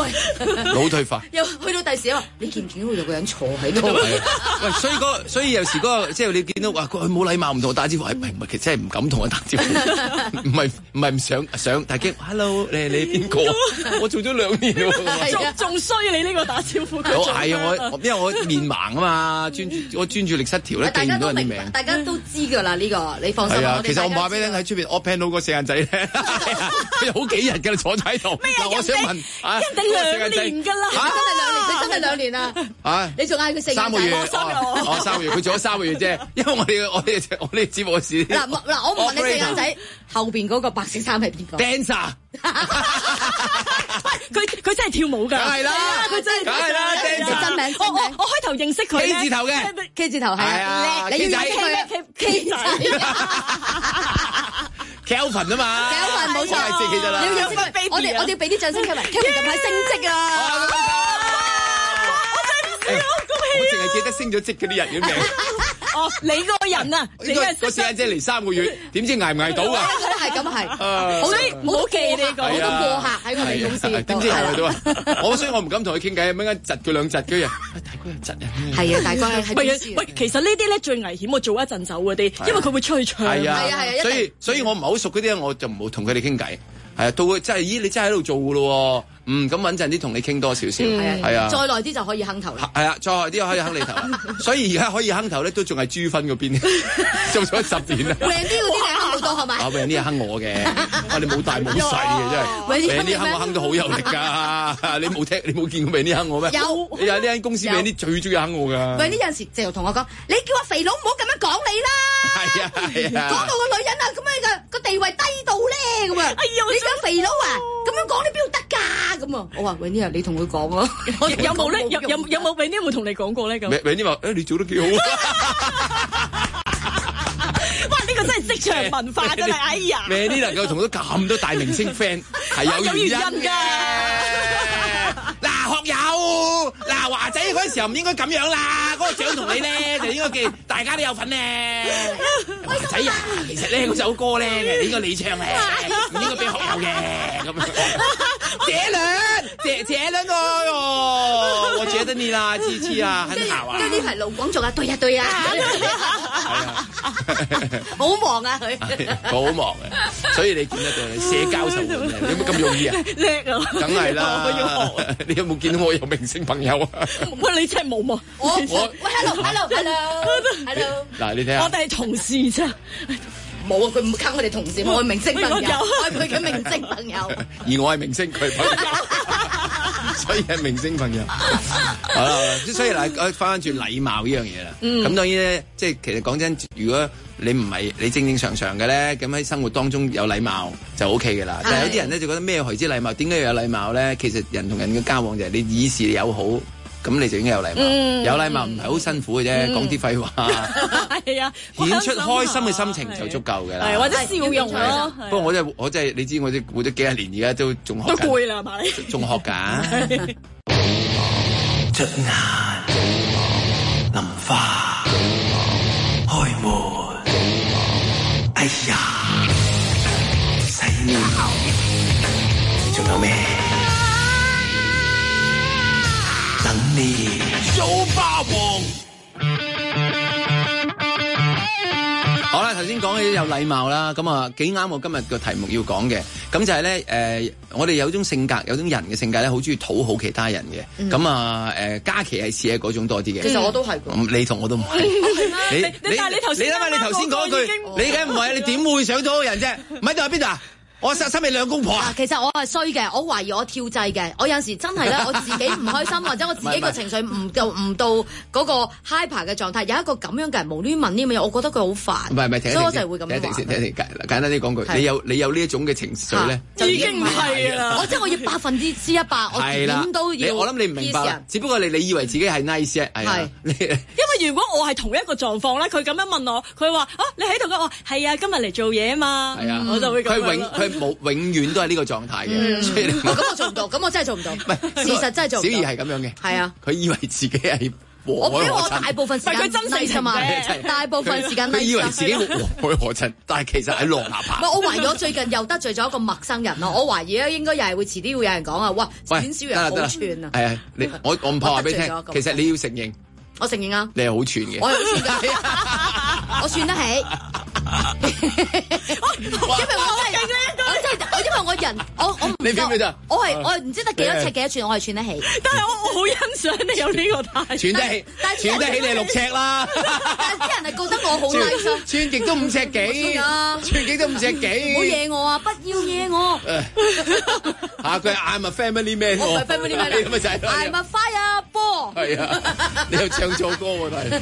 腦退化。又去到第時你見唔見到有個人坐喺度？喂，所以嗰所以有時嗰個即係你見到話佢冇禮貌唔同我打招呼係唔係？其實真係唔敢同我打招呼，唔係唔係唔想，想大驚。Hello，你係你邊個？我做咗兩年喎。仲仲衰你呢個打招呼。我嗌我，因為我面盲。啊嘛，專注我專注力失調咧，記唔到人啲名。大家都知㗎啦，呢個你放心。啊，其實我話俾你聽喺出邊 open 到個四眼仔咧，都好幾日㗎，你坐咗喺度。嗱，我想問啊，人哋兩年㗎啦，真係兩年，你真係兩年啊！嚇，你仲嗌佢四眼仔？我信我，三個月，佢做咗三個月啫，因為我哋我哋我哋節目嘅事。嗱嗱，我唔問你四眼仔後邊嗰個白色衫係邊個？Dancer。喂，佢佢真係跳舞㗎！梗係啦，佢真係梗係啦，正常真名。我我我開頭認識佢，K 字頭嘅，K 字頭係。啊，你你叫咩？K Kelvin 啊嘛，Kelvin 冇錯，啦。你要分 baby 我哋要俾啲掌聲出嚟，Kelvin 近排升職啊！我哋都知啊，恭喜！我淨係記得升咗職嗰啲人名。哦，你個人啊，個小姐嚟三個月，點知捱唔捱到啊？係咁係，好啲唔好記你講好多過客喺個檯東先。點知捱我，所以我唔敢同佢傾偈，乜啱窒佢兩窒嗰嘢，大哥又窒啊！係啊，大哥係。喂，其實呢啲咧最危險，我做一陣走嗰啲，因為佢會吹水。係啊係啊，所以所以我唔係好熟嗰啲咧，我就唔好同佢哋傾偈。係啊，到佢，真係咦，你真係喺度做噶咯喎！嗯，咁穩陣啲同你傾多少少，係啊，再耐啲就可以坑頭啦。係啊，再耐啲可以坑你頭，所以而家可以坑頭咧，都仲係豬分嗰邊，做咗十年啦。靚啲嗰啲靚好多係咪？啊，靚啲係坑我嘅，我哋冇大冇細嘅真係。靚啲坑我坑到好有力㗎，你冇聽你冇見過靚啲坑我咩？有，哎呀呢間公司靚啲最中意坑我㗎。喂，呢有時呢陣時成日同我講，你叫我肥佬唔好咁樣講你啦。係啊係啊，講到個女人啊咁樣嘅個地位低到咧咁啊！哎你想肥佬啊，咁樣講你邊得㗎？咁啊、嗯！我話維尼啊，er, 你同佢講啊，有冇咧？有有有冇維尼會同你講過咧？咁維尼話：誒、 哎，你做得幾好啊！ 哇！呢、這個真係職場文化真係，哎呀！維尼能夠同到咁多大明星 friend，係有原因噶。 哎 有，嗱，華仔嗰時候唔應該咁樣啦，嗰個獎同你咧就應該記，大家都有份咧。華仔啊，其實咧嗰首歌咧應該你唱咧，唔應該俾學友嘅咁。姐倆姐姐倆愛，我姐得你啦，芝芝啊，很牛啊！呢排老廣做啊，對啊對啊。好忙啊佢，好忙，所以你見得到你社交上面你有冇咁容易啊？叻啊，梗係啦，你要學，你有冇見？我有明星朋友啊！我你真係冇啊？我喂，hello hello hello hello，嗱你聽下，我哋係同事啫，冇啊！佢唔坑我哋同事，我係明星朋友，係佢嘅明星朋友，而我係明星佢朋友。所以係明星朋友， 好啦，所以嗱，講返轉禮貌呢樣嘢啦。咁、嗯、當然咧，即係其實講真，如果你唔係你正正常常嘅咧，咁喺生活當中有禮貌就 O K 噶啦。的但係有啲人咧就覺得咩何止禮貌？點解要有禮貌咧？其實人同人嘅交往就係你以示友好。咁你就應該有禮貌，嗯、有禮貌唔係好辛苦嘅啫，講啲、嗯、廢話。係啊，顯出開心嘅心情就足夠嘅啦。或者笑容咯。對不過我真係我真係，你知我哋活咗幾十年，而家都仲學。都攰啦，係咪？仲學㗎。有霸王，好啦，頭先講起有禮貌啦，咁啊幾啱我今日個題目要講嘅，咁就係咧，誒，我哋有種性格，有種人嘅性格咧，好中意討好其他人嘅，咁啊，誒，嘉琪係似啊嗰種多啲嘅，其實我都係，你同我都唔係，你你但係你頭你諗下你頭先講一句，你梗唔係，你點會想討好人啫？咪就係邊度啊？我殺心你兩公婆啊！其實我係衰嘅，我懷疑我跳掣嘅。我有陣時真係咧，我自己唔開心，或者我自己個情緒唔就唔到嗰個 hyper 嘅狀態。有一個咁樣嘅人無端端問啲咁嘢，我覺得佢好煩。唔係唔係，請定先，請定先，請定先，簡單啲講句，你有你有呢一種嘅情緒咧，就已經係啦。我即係我要百分之之一百，我點都要。我諗你唔明白，只不過你你以為自己係 nice 啫，係。因為如果我係同一個狀況咧，佢咁樣問我，佢話：啊，你喺度㗎？話係啊，今日嚟做嘢啊嘛。係啊，我就會咁樣。冇，永遠都係呢個狀態嘅。我咁我做唔到，咁我真係做唔到。唔係，事實真係做唔到。小儀係咁樣嘅，係啊，佢以為自己係和海河塵，大部分時間真實大部分時間都以為自己和海河塵，但係其實係落牙棚。唔係，我懷疑我最近又得罪咗一個陌生人咯。我懷疑咧，應該又係會遲啲會有人講啊。哇，淺小人好串啊。係啊，你我我唔怕話俾你聽，其實你要承認，我承認啊，你係好串嘅，我係好串，我算得起。因為我係，我真係，因為我人，我我唔，你點嘅啫？我係我係唔知得幾多尺幾多寸，我係串得起。但係我我好欣賞你有呢個態度，串得起，但係串得起你六尺啦。但係啲人係覺得我好拉身，串極都五尺幾，串極都五尺幾。唔好惹我啊！不要惹我。吓，佢係 I am family man？我咪 family man？你咪就係艾蜜花呀？係啊， 你又唱錯歌喎，都係。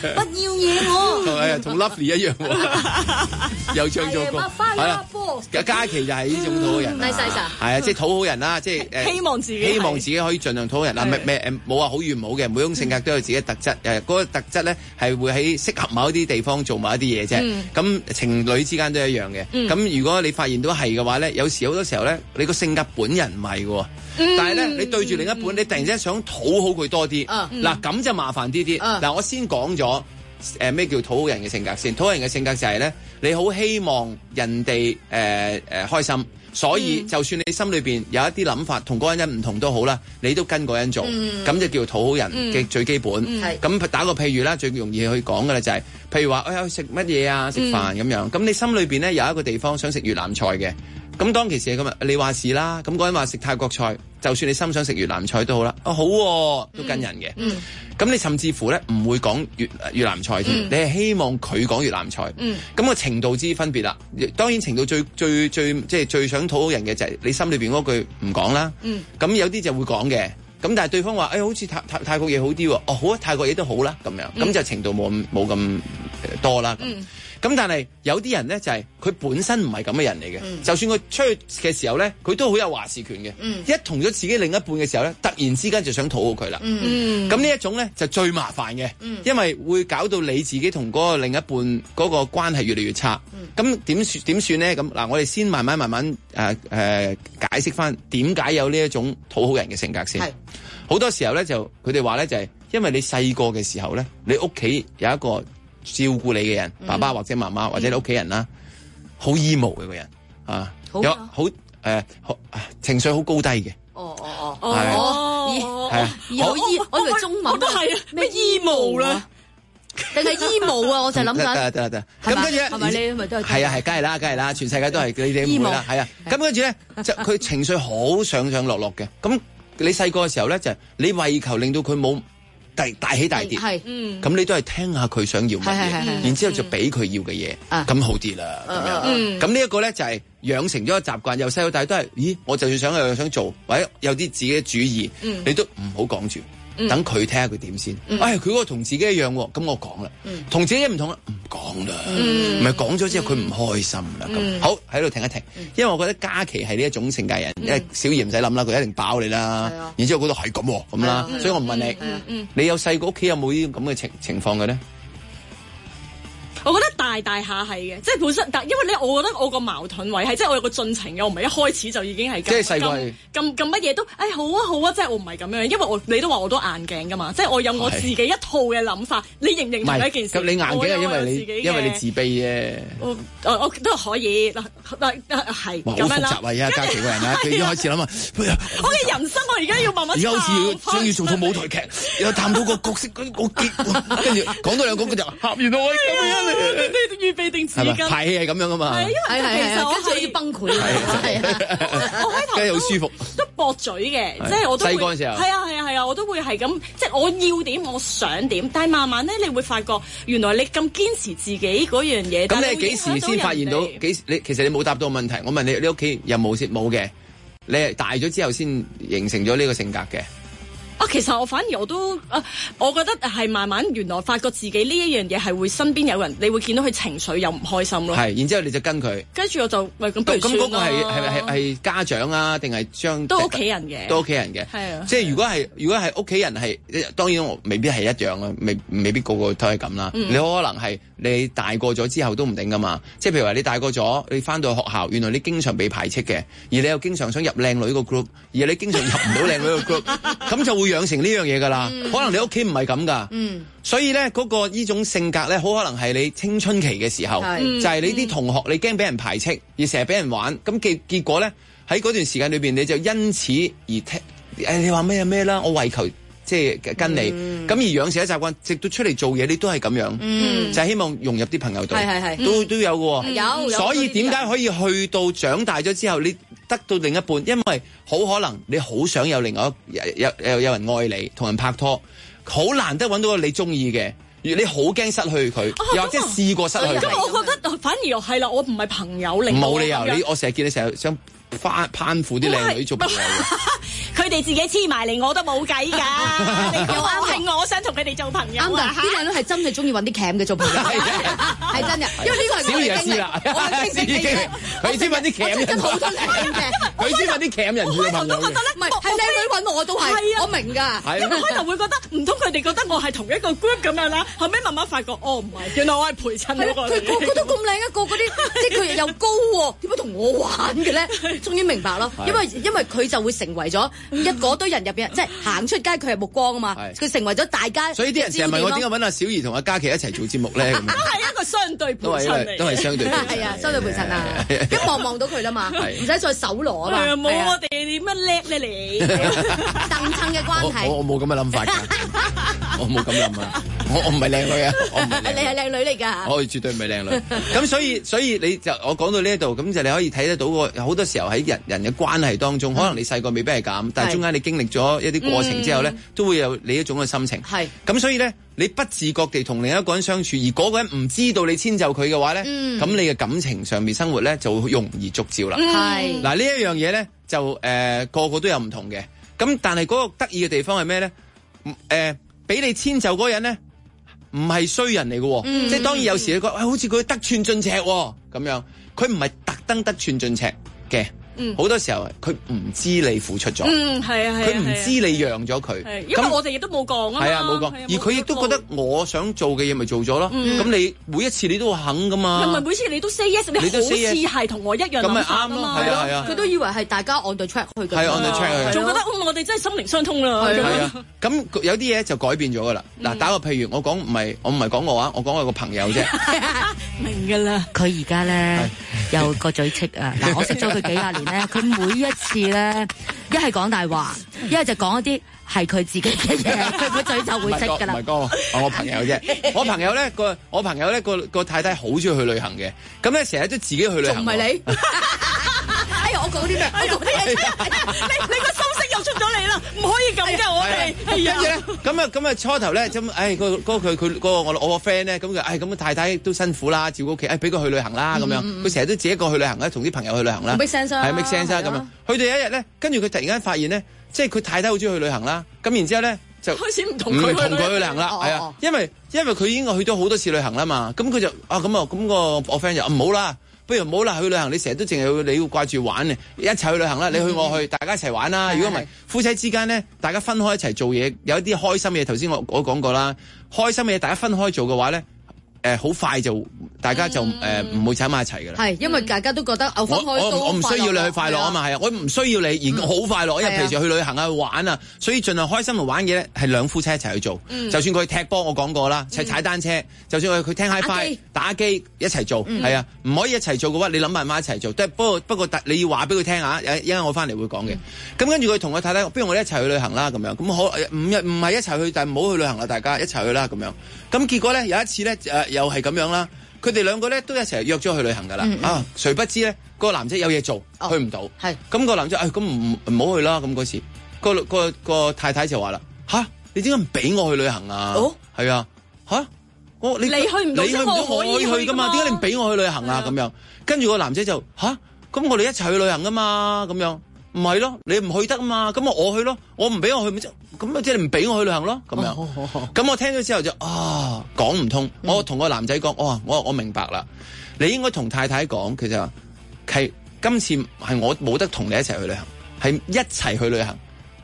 不要嘢我。係啊，同 Lovely 一樣，啊， 又唱錯歌。係啊，花花花花。加期就係呢種討好人。唔係細係啊，即係討好人啦，即係誒。希望自己。希望自己可以盡量討好人 是 啊！咪咪冇話好與唔好嘅，每種性格都有自己嘅特質。誒、 啊，嗰、那個特質咧係會喺適合某一啲地方做某一啲嘢啫。咁、 啊、情侶之間都一樣嘅。咁、 嗯、如果你發現到係嘅話咧，有時好多時候咧，你個性格本人唔係嘅。但係咧，嗯、你對住另一半，嗯、你突然之間想討好佢多啲，嗱咁、啊嗯、就麻煩啲啲。嗱、啊，我先講咗誒咩叫討好人嘅性格先。討好人嘅性格就係咧，你好希望人哋誒誒開心，所以、嗯、就算你心裏邊有一啲諗法同嗰個人唔同都好啦，你都跟嗰人做，咁、嗯、就叫討好人嘅最基本。咁、嗯嗯、打個譬如啦，最容易去講嘅咧就係、是，譬如話我食乜嘢啊，食飯咁樣。咁你心裏邊咧有一個地方想食越南菜嘅。咁當其時係咁啊，你話事啦，咁嗰人話食泰國菜，就算你心想食越南菜都好啦。哦，好，都跟人嘅。嗯。咁你甚至乎咧唔會講越越南菜添，你係希望佢講越南菜。嗯。咁個程度之分別啦，當然程度最最最即係最想討好人嘅就係你心裏邊嗰句唔講啦。嗯。咁有啲就會講嘅，咁但係對方話：誒好似泰泰泰國嘢好啲喎。哦，好啊，泰國嘢都好啦，咁樣，咁就程度冇咁冇咁多啦。嗯。咁但係有啲人咧就係、是、佢本身唔係咁嘅人嚟嘅。嗯、就算佢出去嘅時候咧，佢都好有話事權嘅。嗯、一同咗自己另一半嘅時候咧，突然之間就想討好佢啦。咁呢、嗯嗯、一種咧就最麻煩嘅，嗯、因為會搞到你自己同嗰個另一半嗰個關係越嚟越差。咁點算點算咧？咁嗱，我哋先慢慢慢慢誒誒、呃、解釋翻點解有呢一種討好人嘅性格先。好是多時候咧就佢哋話咧就係、是、因為你細個嘅時候咧，你屋企有一個。照顧你嘅人，爸爸或者媽媽或者你屋企人啦，好 emo 嘅個人啊，有好誒好情緒好高低嘅。哦哦哦哦，係啊，好 emo，我以為中文都係啊，咩 emo 啦？定係 emo 啊？我就諗緊。得得得，咁跟住咧，係咪你咪都係？係啊係，梗係啦梗係啦，全世界都係你哋唔會啦。係啊，咁跟住咧就佢情緒好上上落落嘅。咁你細個嘅時候咧就你為求令到佢冇。大起大跌，咁、嗯、你都係聽下佢想要乜嘢，嗯、然之後就俾佢要嘅嘢，咁、嗯、好啲啦。咁、嗯、樣，咁呢一個咧就係養成咗一個習慣，由細到大都係，咦，我就算想又想做，或者有啲自己嘅主意，嗯、你都唔好講住。等佢聽下佢點先，唉，佢嗰個同自己一樣喎，咁我講啦，同自己唔同啦，唔講啦，唔係講咗之後佢唔開心啦，咁好喺度停一停，因為我覺得嘉琪係呢一種性格人，因為小儀唔使諗啦，佢一定爆你啦，然之後我覺得係咁喎，咁啦，所以我唔問你，你有細個屋企有冇呢啲咁嘅情情況嘅咧？我覺得大大下係嘅，即係本身，但因為咧，我覺得我個矛盾位係即係我有個進程嘅，我唔係一開始就已經係咁咁咁咁乜嘢都，哎好啊好啊，即係我唔係咁樣，因為我你都話我都硬頸㗎嘛，即係我有我自己一套嘅諗法，你認唔認係一件事，我有我自己嘅，因為你自卑嘅。我我都可以嗱嗱係咁樣啦，因為隔幾個人啦，佢開始諗啊，我嘅人生我而家要慢慢，有次要仲要做套舞台劇，又探討個角色嗰個結，跟住講多兩個句就合，原來我咁樣嚟。你預 備定時間？係啊，係咁樣啊嘛，係 因為其實我開始崩潰，係啊 的， 我開頭好舒服，都駁嘴嘅， 即係我都細個時候係啊係啊係啊，我都會係咁，即係我要點我想點，但係慢慢咧你會發覺原來你咁堅持自己嗰樣嘢，咁你幾時先發現到？幾時你其實你冇答到問題，我問你，你屋企有冇先冇嘅？你大咗之後先形成咗呢個性格嘅。啊，其實我反而我都啊，我覺得係慢慢原來發覺自己呢一樣嘢係會身邊有人，你會見到佢情緒又唔開心咯。係，然之後你就跟佢。跟住我就，喂，咁都算咯、啊、嗰個係係係係家長啊，定係將都屋企人嘅，都屋企人嘅。係啊，即係如果係如果係屋企人係，當然我未必係一樣啊，未未必個個都係咁啦。嗯、你可能係。你大個咗之後都唔定噶嘛？即係譬如話你大個咗，你返到去學校，原來你經常被排斥嘅，而你又經常想入靚女個 group，而你經常入唔到靚女個 group，咁 就會養成呢樣嘢噶啦。嗯、可能你屋企唔係咁噶，嗯、所以咧嗰、嗰個依種性格咧，好可能係你青春期嘅時候，嗯、就係你啲同學你驚俾人排斥，而成日俾人玩，咁結結果咧喺嗰段時間裏邊，你就因此而聽誒、哎、你話咩咩啦，我為求。即係跟你咁而養成一習慣，直到出嚟做嘢，你都係咁樣，就希望融入啲朋友度。都都有嘅喎。有所以點解可以去到長大咗之後，你得到另一半？因為好可能你好想有另外一有有人愛你，同人拍拖，好難得揾到個你中意嘅，你好驚失去佢，又或者試過失去佢。咁我覺得反而又係啦，我唔係朋友嚟，冇理由你我成日見你成日想攀攀附啲靚女做朋友。你自己黐埋嚟，我都冇計㗎。我係我想同佢哋做朋友。啱嘅，啲人咧係真係中意揾啲靚嘅做朋友，係真嘅。因為呢個係小二師啦，我係勁啲嘅，佢先揾啲靚人好睇嘅。佢先揾啲靚人，我開頭都覺得咧，係你揾我都係，我明㗎。因為開頭會覺得唔通佢哋覺得我係同一個 group 咁樣啦，後尾慢慢發覺，哦，唔係，原來我係陪襯嗰個。佢佢個個都咁靚一個嗰啲，即係佢又高，點解同我玩嘅咧？終於明白囉，因為因為佢就會成為咗。一嗰堆人入邊，即係行出街佢係目光啊嘛，佢成為咗大街，所以啲人成日問我點解揾阿小儀同阿嘉琪一齊做節目咧？都係一個相對陪襯嚟，都係相對，係啊，相對陪襯啊！一望望到佢啦嘛，唔使再搜羅啦。冇我哋點樣叻咧，你爭襯嘅關係。我我冇咁嘅諗法嘅，我冇咁諗啊！我我唔係靚女啊！我你係靚女嚟㗎。我絕對唔係靚女。咁所以所以你就我講到呢一度，咁就你可以睇得到個好多時候喺人人嘅關係當中，可能你細個未必係咁，但係。中間你經歷咗一啲過程之後咧，嗯、都會有你一種嘅心情。係咁是，所以咧，你不自覺地同另一個人相處，而嗰個人唔知道你遷就佢嘅話咧，咁、嗯、你嘅感情上面生活咧就容易觸礁啦。係嗱是、嗯、呢一樣嘢咧，就誒、呃、個個都有唔同嘅。咁但係嗰個得意嘅地方係咩咧？誒、呃，俾你遷就嗰個人咧，唔係衰人嚟嘅，嗯、即係當然有時你覺得、呃，好似佢得寸進尺咁、哦、樣，佢唔係特登得寸進尺嘅。好多時候佢唔知你付出咗，係啊佢唔知你讓咗佢，因為我哋亦都冇講啊係啊冇講，而佢亦都覺得我想做嘅嘢咪做咗咯，咁你每一次你都肯噶嘛，又唔係每次你都 say yes，你每次似係同我一樣，咁咪啱咯，佢都以為係大家按對 check 去嘅，check 去，覺得我哋真係心靈相通啦，咁有啲嘢就改變咗噶啦，嗱打個譬如我講唔係我唔係講我話，我講我個朋友啫，明噶啦，佢而家咧有個嘴戚啊，嗱我識咗佢幾廿年。咧佢每一次咧，一係講大話，一係就講一啲係佢自己嘅嘢，佢個嘴就會識噶啦。唔係哥，我朋友啫。我朋友咧個，我朋友咧個個太太好中意去旅行嘅，咁咧成日都自己去旅行。仲唔係你？ 我講啲咩？你你個心聲又出咗嚟啦！唔可以咁噶，我哋係啊。咁啊咁啊，初頭咧咁，唉，個個佢佢嗰個我我個 friend 咧咁就唉，咁太太都辛苦啦，照顧屋企，唉，俾佢去旅行啦咁樣。佢成日都自己過去旅行啦，同啲朋友去旅行啦。係 make sense 啊，係 make sense 啊，咁樣。佢哋一日咧，跟住佢突然間發現咧，即係佢太太好中意去旅行啦。咁然之後咧就開始唔同佢去旅行啦。係啊，因為因為佢已經去咗好多次旅行啦嘛。咁佢就啊咁啊咁個我 friend 就唔好啦。不如唔好啦，去旅行你成日都淨係要你掛住玩，一齊去旅行啦。你去我去，嗯、大家一齊玩啦。如果唔係，不夫妻之間咧，大家分開一齊做嘢，有啲開心嘅嘢。頭先我我講過啦，開心嘅嘢大家分開做嘅話咧。誒好快就大家就誒唔會踩埋一齊㗎啦，係因為大家都覺得我唔需要你去快樂啊嘛，係我唔需要你而好快樂，因為平時去旅行啊、去玩啊，所以儘量開心同玩嘢咧係兩夫妻一齊去做。就算佢踢波，我講過啦，踩踩單車，就算佢佢聽 Hi-Fi 打機一齊做，係啊，唔可以一齊做嘅話，你諗埋埋一齊做，不過不過，你要話俾佢聽啊，因為我翻嚟會講嘅。咁跟住佢同佢太太，不如我哋一齊去旅行啦咁樣。咁好，唔唔係一齊去，但係唔好去旅行啦，大家一齊去啦咁樣。咁結果呢，有一次呢。又係咁樣啦，佢哋兩個咧都一齊約咗去旅行噶啦。嗯嗯啊，誰不知咧，個男仔有嘢做，哦、去唔到。係咁是個男仔，哎，咁唔唔好去啦。咁嗰時，個、個、個個太太就話啦：吓、啊，你點解唔俾我去旅行啊？係、哦、啊，吓、啊，我你你去唔到，你去唔到，我可以去噶嘛？點解你唔俾我去旅行啊？咁、啊、樣，跟住個男仔就：吓、啊，咁我哋一齊去旅行噶嘛？咁樣。唔係咯，你唔去得嘛？咁啊，我去咯。我唔俾我去咪即係咁啊，即係你唔俾我去旅行咯。咁樣，咁、oh, oh, oh, oh. 我聽咗之後就啊，講、哦、唔通。Mm. 我同個男仔講、哦，我我我明白啦。你應該同太太講，其實係今次係我冇得同你一齊去旅行，係一齊去旅行。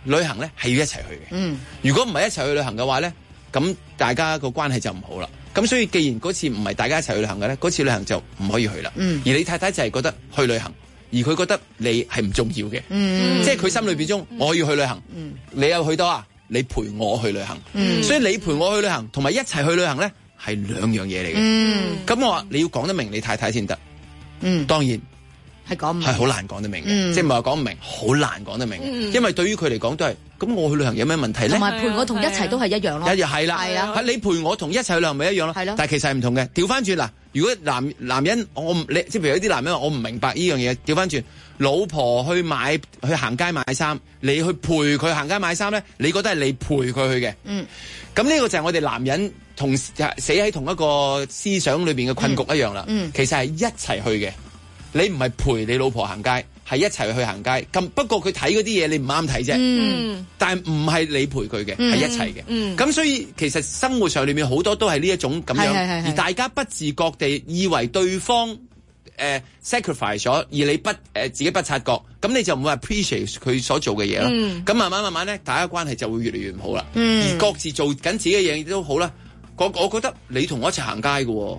旅行咧係要一齊去嘅。嗯，mm. 如果唔係一齊去旅行嘅話咧，咁大家個關係就唔好啦。咁所以，既然嗰次唔係大家一齊去旅行嘅咧，嗰次旅行就唔可以去啦。Mm. 而你太太就係覺得去旅行。而佢覺得你係唔重要嘅，嗯、即係佢心裏邊中，我要去旅行，嗯、你有去到啊？你陪我去旅行，嗯、所以你陪我去旅行同埋一齊去旅行咧，係兩樣嘢嚟嘅。咁、嗯、我話你要講得明你太太先得，嗯、當然。係講係好難講得明嘅，嗯、即係唔係話講唔明，好難講得明。嗯、因為對於佢嚟講都係，咁我去旅行有咩問題咧？同埋陪我同一齊都係一樣咯，係啦，係啊，係、啊啊啊啊啊、你陪我同一齊去旅行咪一樣咯，係咯、啊。但係其實係唔同嘅。調翻轉嗱，如果男男人我唔即係譬如有啲男人我唔明白呢樣嘢。調翻轉，老婆去買去行街買衫，你去陪佢行街買衫咧，你覺得係你陪佢去嘅？嗯，咁呢、嗯、個就係我哋男人同死喺同一個思想裏邊嘅困局一樣啦。嗯嗯嗯、其實係一齊去嘅。你唔係陪你老婆行街，係一齊去行街。咁不過佢睇嗰啲嘢，你唔啱睇啫。但係唔係你陪佢嘅，係、嗯、一齊嘅。咁、嗯、所以其實生活上裏面好多都係呢一種咁樣，嗯嗯、而大家不自覺地以為對方誒、呃、sacrifice 咗，而你不誒、呃、自己不察覺，咁你就唔會 appreciate 佢所做嘅嘢咯。咁、嗯、慢慢慢慢咧，大家關係就會越嚟越唔好啦。嗯、而各自做緊自己嘅嘢都好啦。我我覺得你同我一齊行街㗎。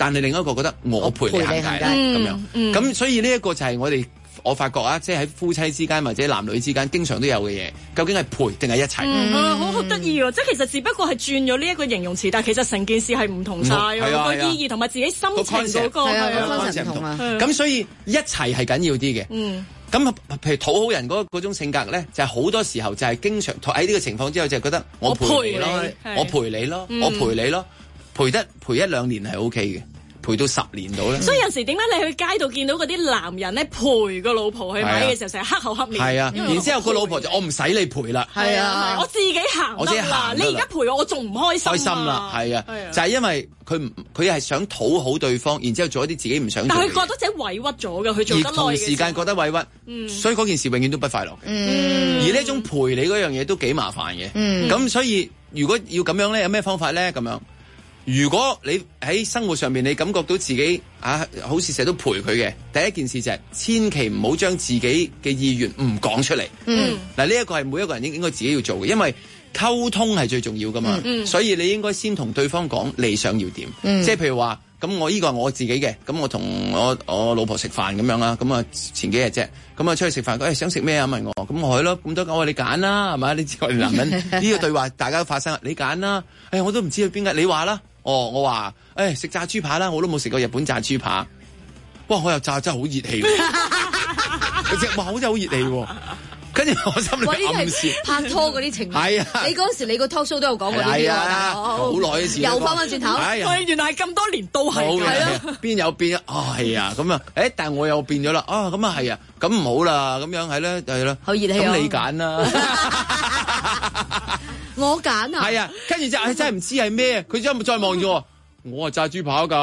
但係另一個覺得我陪你行街咁樣咁，所以呢一個就係我哋我發覺啊，即係喺夫妻之間或者男女之間，經常都有嘅嘢，究竟係陪定係一齊？啊，好好得意喎！即係其實只不過係轉咗呢一個形容詞，但係其實成件事係唔同曬個意義同埋自己心情嘅嗰個係唔同。咁所以一齊係緊要啲嘅。咁譬如討好人嗰種性格咧，就係好多時候就係經常喺呢個情況之後，就覺得我陪你咯，我陪你咯，我陪你咯。陪得陪一兩年係 O K 嘅，陪到十年到咧。所以有時點解你去街度見到嗰啲男人咧，陪個老婆去買嘢嘅時候，成日黑口黑面。係啊，然之後個老婆就我唔使你陪啦。係啊，我自己行得啦。你而家陪我，我仲唔開心。開心啦，係啊，就係因為佢佢係想討好對方，然之後做一啲自己唔想。但佢覺得自己委屈咗嘅，佢做得耐嘅。而同時間覺得委屈，所以嗰件事永遠都不快樂。嗯，而呢一種陪你嗰樣嘢都幾麻煩嘅。咁所以如果要咁樣咧，有咩方法咧？咁樣。如果你喺生活上面你感覺到自己啊，好似成日都陪佢嘅，第一件事就係、是、千祈唔好將自己嘅意願唔講出嚟。嗱、嗯，呢一個係每一個人應應該自己要做嘅，因為溝通係最重要噶嘛。嗯、所以你應該先同對方講你想要點，嗯、即係譬如話咁，我呢個係我自己嘅，咁我同我我老婆食飯咁樣啦。咁啊前幾日啫，咁啊出去食飯，佢誒、哎、想食咩啊？問我咁我去咯咁多我，你揀啦係咪？你知我男人呢 個對話大家都發生，你揀啦。哎呀，我都唔知去邊個，你話啦。哦，我話，誒、哎，食炸豬扒啦，我都冇食過日本炸豬扒，哇，我又炸真係好熱氣，只話好真係好熱氣。跟住我心諗暗笑，拍拖嗰啲情。係啊，你嗰時你個 talk show 都有講過呢啲啊，好耐嘅事，又翻翻轉頭，喂，原來係咁多年都係，係咯，邊有變啊？啊，係啊，咁啊，誒，但係我又變咗啦，啊，咁啊係啊，咁唔好啦，咁樣係咧，係啦，好熱氣咁你揀啦，我揀啊，係啊，跟住就，誒，真係唔知係咩，佢真係冇再望咗。我係啊炸豬扒噶，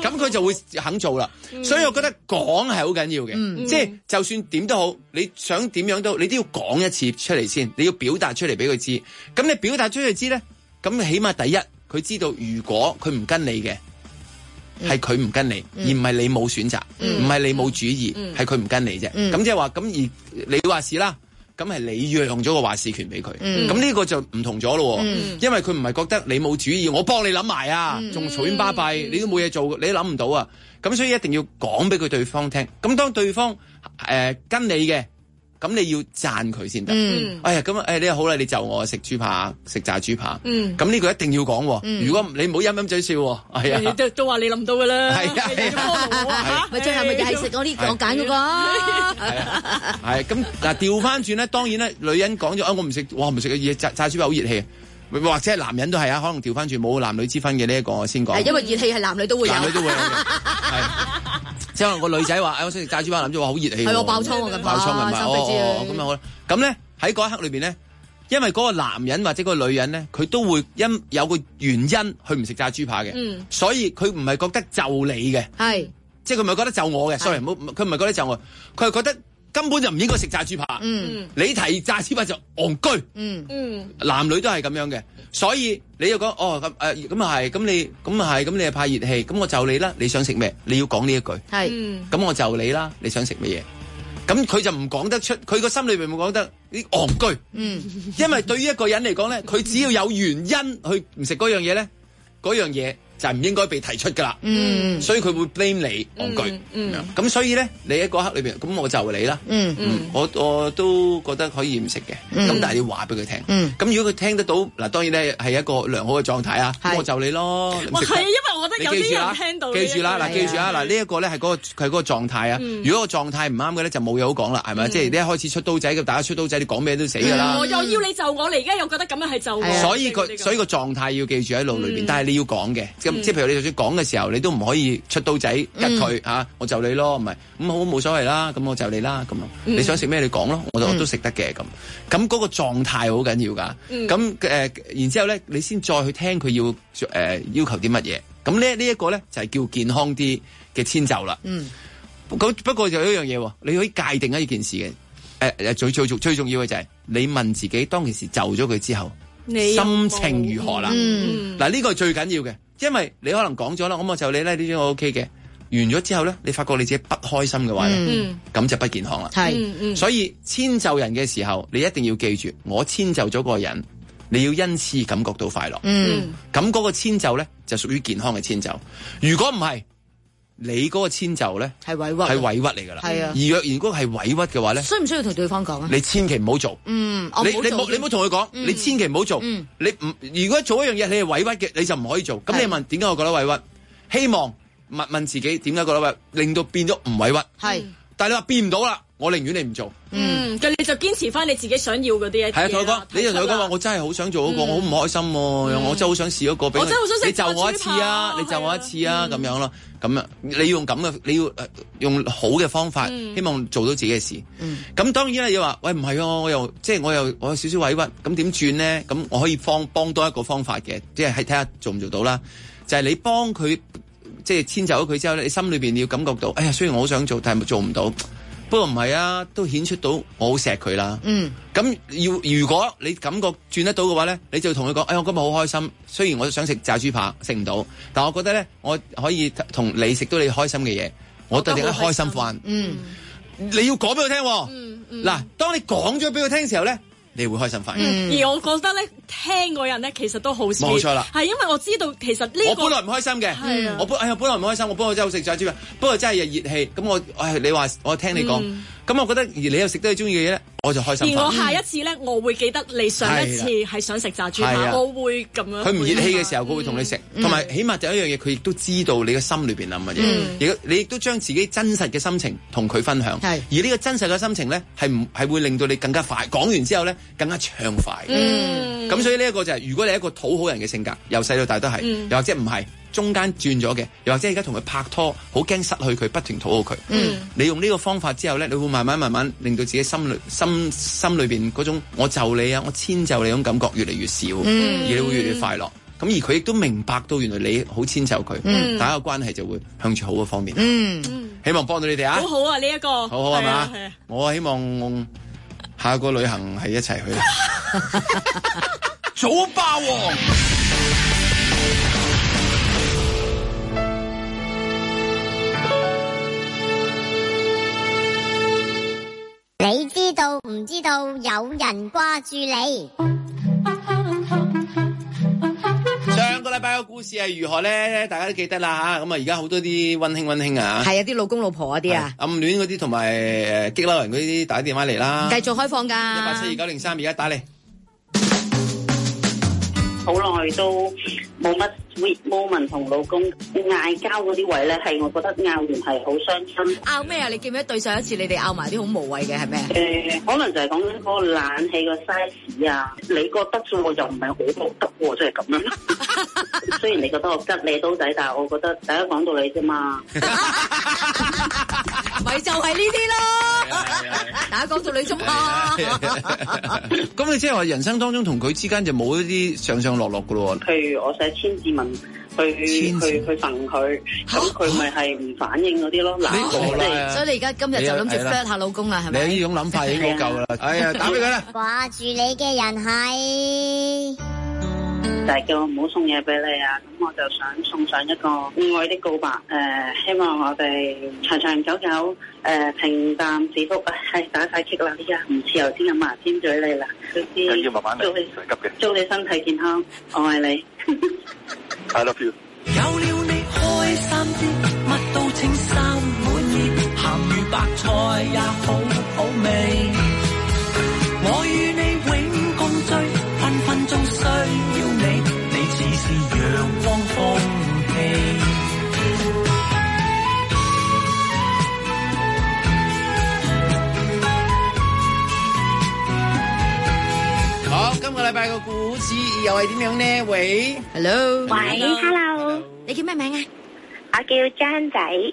咁佢 就會肯做啦。所以我覺得講係好緊要嘅，即係、嗯、就，就算點都好，你想點樣都，你都要講一次出嚟先，你要表達出嚟俾佢知。咁你表達出嚟知咧，咁起碼第一佢知道，知道知道如果佢唔跟你嘅，係佢唔跟你，而唔係你冇選擇，唔係你冇主意，係佢唔跟你啫。咁即係話咁而你話事啦。咁係你讓咗個話事權俾佢，咁呢、嗯、個就唔同咗咯。嗯、因為佢唔係覺得你冇主意，我幫你諗埋啊，仲嘈喧巴閉，八八嗯、你都冇嘢做，你都諗唔到啊。咁所以一定要講俾佢對方聽。咁當對方誒、呃、跟你嘅。咁你要讚佢先得，哎呀，咁誒，你好啦，你就我食豬扒，食炸豬扒，咁呢個一定要講，如果你唔好陰陰嘴笑，係啊，都都話你諗到噶啦，係啊，咪最後咪繼續食嗰啲，我揀嗰個，係咁嗱，調翻轉咧，當然咧，女人講咗，我唔食，我唔食炸炸豬扒好熱氣，或者係男人都係啊，可能調翻轉冇男女之分嘅，呢一個我先講，因為熱氣係男女都會有，男女都會有。即可能個女仔話：誒、哎，我想食炸豬扒，諗住話好熱氣，係我爆倉啊，咁啊，爆倉咁啊，哦哦哦、咁樣好。咁咧喺嗰一刻裏邊咧，因為嗰個男人或者嗰個女人咧，佢都會因有個原因去唔食炸豬扒嘅。嗯、所以佢唔係覺得就你嘅，係是，即係佢唔係覺得就我嘅是，sorry，唔好，佢唔係覺得就我，佢係覺得。根本就唔應該食炸豬扒，嗯、你提炸豬扒就戇居，嗯嗯、男女都係咁樣嘅，所以你又講哦咁誒咁係咁你咁係咁你又怕熱氣，咁我，、嗯、我就你啦，你想食咩？你要講呢一句，係咁我就你啦，你想食乜嘢？咁佢就唔講得出，佢個心裏邊冇講得啲戇居，嗯，因為對於一個人嚟講咧，佢 只要有原因去唔食嗰樣嘢咧，嗰樣嘢。就唔應該被提出噶啦，所以佢會 blame 你惡句，咁所以咧，你喺嗰刻裏邊，咁我就你啦，我我都覺得可以唔食嘅，咁但係你話俾佢聽，咁如果佢聽得到，嗱當然咧係一個良好嘅狀態啊，我就你咯，哇係啊，因為我覺得有啲人聽到，記住啦，嗱記住啊。嗱呢一個咧係嗰個佢係嗰個狀態啊，如果個狀態唔啱嘅咧就冇嘢好講啦，係咪？即係你一開始出刀仔嘅，大家出刀仔，你講咩都死㗎啦，我又要你就我你而家又覺得咁樣係就，所以個所以個狀態要記住喺腦裏邊，但係你要講嘅。嗯、即係譬如你就算講嘅時候，你都唔可以出刀仔拮佢吓，我就你咯，唔係咁、嗯、好冇所謂啦，咁我就你啦，咁、嗯、你想食咩你講咯，我就我都食得嘅咁，咁嗰個狀態好緊要噶，咁誒、嗯呃，然之後咧，你先再去聽佢要誒、呃、要求啲乜嘢，咁呢呢一個咧就係、是、叫健康啲嘅遷就啦、嗯。不過有一樣嘢，你可以界定一件事嘅，誒、呃、最最最重要嘅就係、是、你問自己當其時就咗佢之後心情如何啦。嗱呢個係最緊要嘅。因為你可能講咗啦，咁我就你咧呢張我 OK 嘅，完咗之後咧，你發覺你自己不開心嘅話咧，咁、嗯、就不健康啦。係、嗯，所以遷就人嘅時候，你一定要記住，我遷就咗個人，你要因此感覺到快樂。嗯，咁嗰個遷就咧就屬於健康嘅遷就，如果唔係。你嗰個遷就咧係委屈，係委屈嚟㗎啦。係啊，而若如果係委屈嘅話咧，需唔需要同對方講啊？你千祈唔好做。嗯，你你冇你冇同佢講，你千祈唔好做。你唔如果做一樣嘢，你係委屈嘅，你就唔可以做。咁你問點解是我覺得委屈？希望問問自己點解覺得委屈，令到變咗唔委屈。係是。嗯但係你話變唔到啦，我寧願你唔做。嗯，咁你就堅持翻你自己想要嗰啲嘢。係啊，同佢講，你同佢講話我真係好想做嗰個，我好唔開心，我真係好想試嗰個畀佢，我真係好想你就我一次啊，你就我一次啊，咁樣咯，咁啊，你用咁嘅，你要用好嘅方法，希望做到自己嘅事。嗯，咁當然啦，你話喂唔係哦，我又即係我又我有少少委屈，咁點轉咧？咁我可以幫幫多一個方法嘅，即係睇下做唔做到啦。就係你幫佢。即係遷就咗佢之後咧，你心裏邊你要感覺到，哎呀，雖然我好想做，但係做唔到。不過唔係啊，都顯出到我好錫佢啦。嗯，咁要如果你感覺轉得到嘅話咧，你就同佢講，哎呀，我今日好開心。雖然我想食炸豬扒，食唔到，但係我覺得咧，我可以同你食到你開心嘅嘢，我特別而家開心翻。嗯嗯。嗯，你要講俾佢聽。嗯嗱，當你講咗俾佢聽嘅時候咧。你會開心反言、嗯，而我覺得咧，聽個人咧，其實都好少，冇錯啦，係因為我知道其實呢、這個我本來唔開心嘅的、哎，我本哎呀本來唔開心，我不過真係好食左豬肉，不過真係熱熱氣，咁我我唉、哎、你話我聽你講。嗯咁我覺得，而你又食得你中意嘅嘢咧，我就開心。而我下一次咧，嗯、我會記得你上一次係想食炸豬扒是、啊啊，我會咁樣。佢唔熱氣嘅時候，佢、嗯、會同你食，同埋、嗯、起碼有一樣嘢，佢亦都知道你嘅心裏邊諗乜嘢，亦、嗯、你亦都將自己真實嘅心情同佢分享。嗯、而呢個真實嘅心情咧，係唔係會令到你更加快講完之後咧，更加暢快。咁、嗯、所以呢一個就係、是，如果你係一個討好人嘅性格，由細到大都係，又或者唔係。中間轉咗嘅，又或者而家同佢拍拖，好驚失去佢，不斷討好佢。嗯、你用呢個方法之後咧，你會慢慢慢慢令到自己心裏心心裏邊嗰種我就你啊，我遷就你嗰種感覺越嚟越少，嗯、而你會越嚟越快樂。咁而佢亦都明白到原來你好遷就佢，大家、嗯、關係就會向住好嘅方面。嗯、希望幫到你哋啊！好，啊這個、好好啊呢一個，好好係嘛？啊啊啊、我希望下個旅行係一齊去。早 霸王。唔知道有人掛住你。上個禮拜嘅故事係如何咧？大家都記得啦吓，咁啊而家好多啲溫馨溫馨啊，係啊，啲老公老婆啊啲啊，暗戀嗰啲同埋誒激嬲人嗰啲打電話嚟，啦繼續開放㗎，一八七二九零三，而家打嚟。好耐都冇乜 sweet moment 同老公嗌交嗰啲位咧，係我覺得拗完係好傷心。拗咩啊？你記唔記得對上一次你哋拗埋啲好無謂嘅係咩？誒、呃，可能就係講嗰個冷氣個 size 啊？你覺得我又唔係好覺得，即係咁樣。 雖然你覺得我吉你都仔，但係我覺得大家講到你啫嘛。 咪就係呢啲咯，打港獨女中學。咁你即係話人生當中同佢之間就冇一啲上上落落噶咯。譬如我寫千字文去去去縫佢，咁佢咪係唔反應嗰啲咯。嗱，所以你而家今日就諗住 set 下老公啦，係咪？你呢種諗法已經夠噶啦。哎呀，打俾佢啦。掛住你嘅人係就係叫我唔好送嘢俾你啊，咁我就想送上一個愛的告白，誒，希望我哋長長久久，誒，平淡是福啊，係打晒棘啦，依家唔似頭先咁牙尖嘴利啦，要慢慢嚟，唔使急嘅，祝你身體健康，我愛你，I love you。有了你開心啲，乜都稱心滿意，鹹魚白菜也好好味。禮拜個故事又係點樣呢？喂，Hello，喂，Hello，你叫咩名啊？我叫張仔。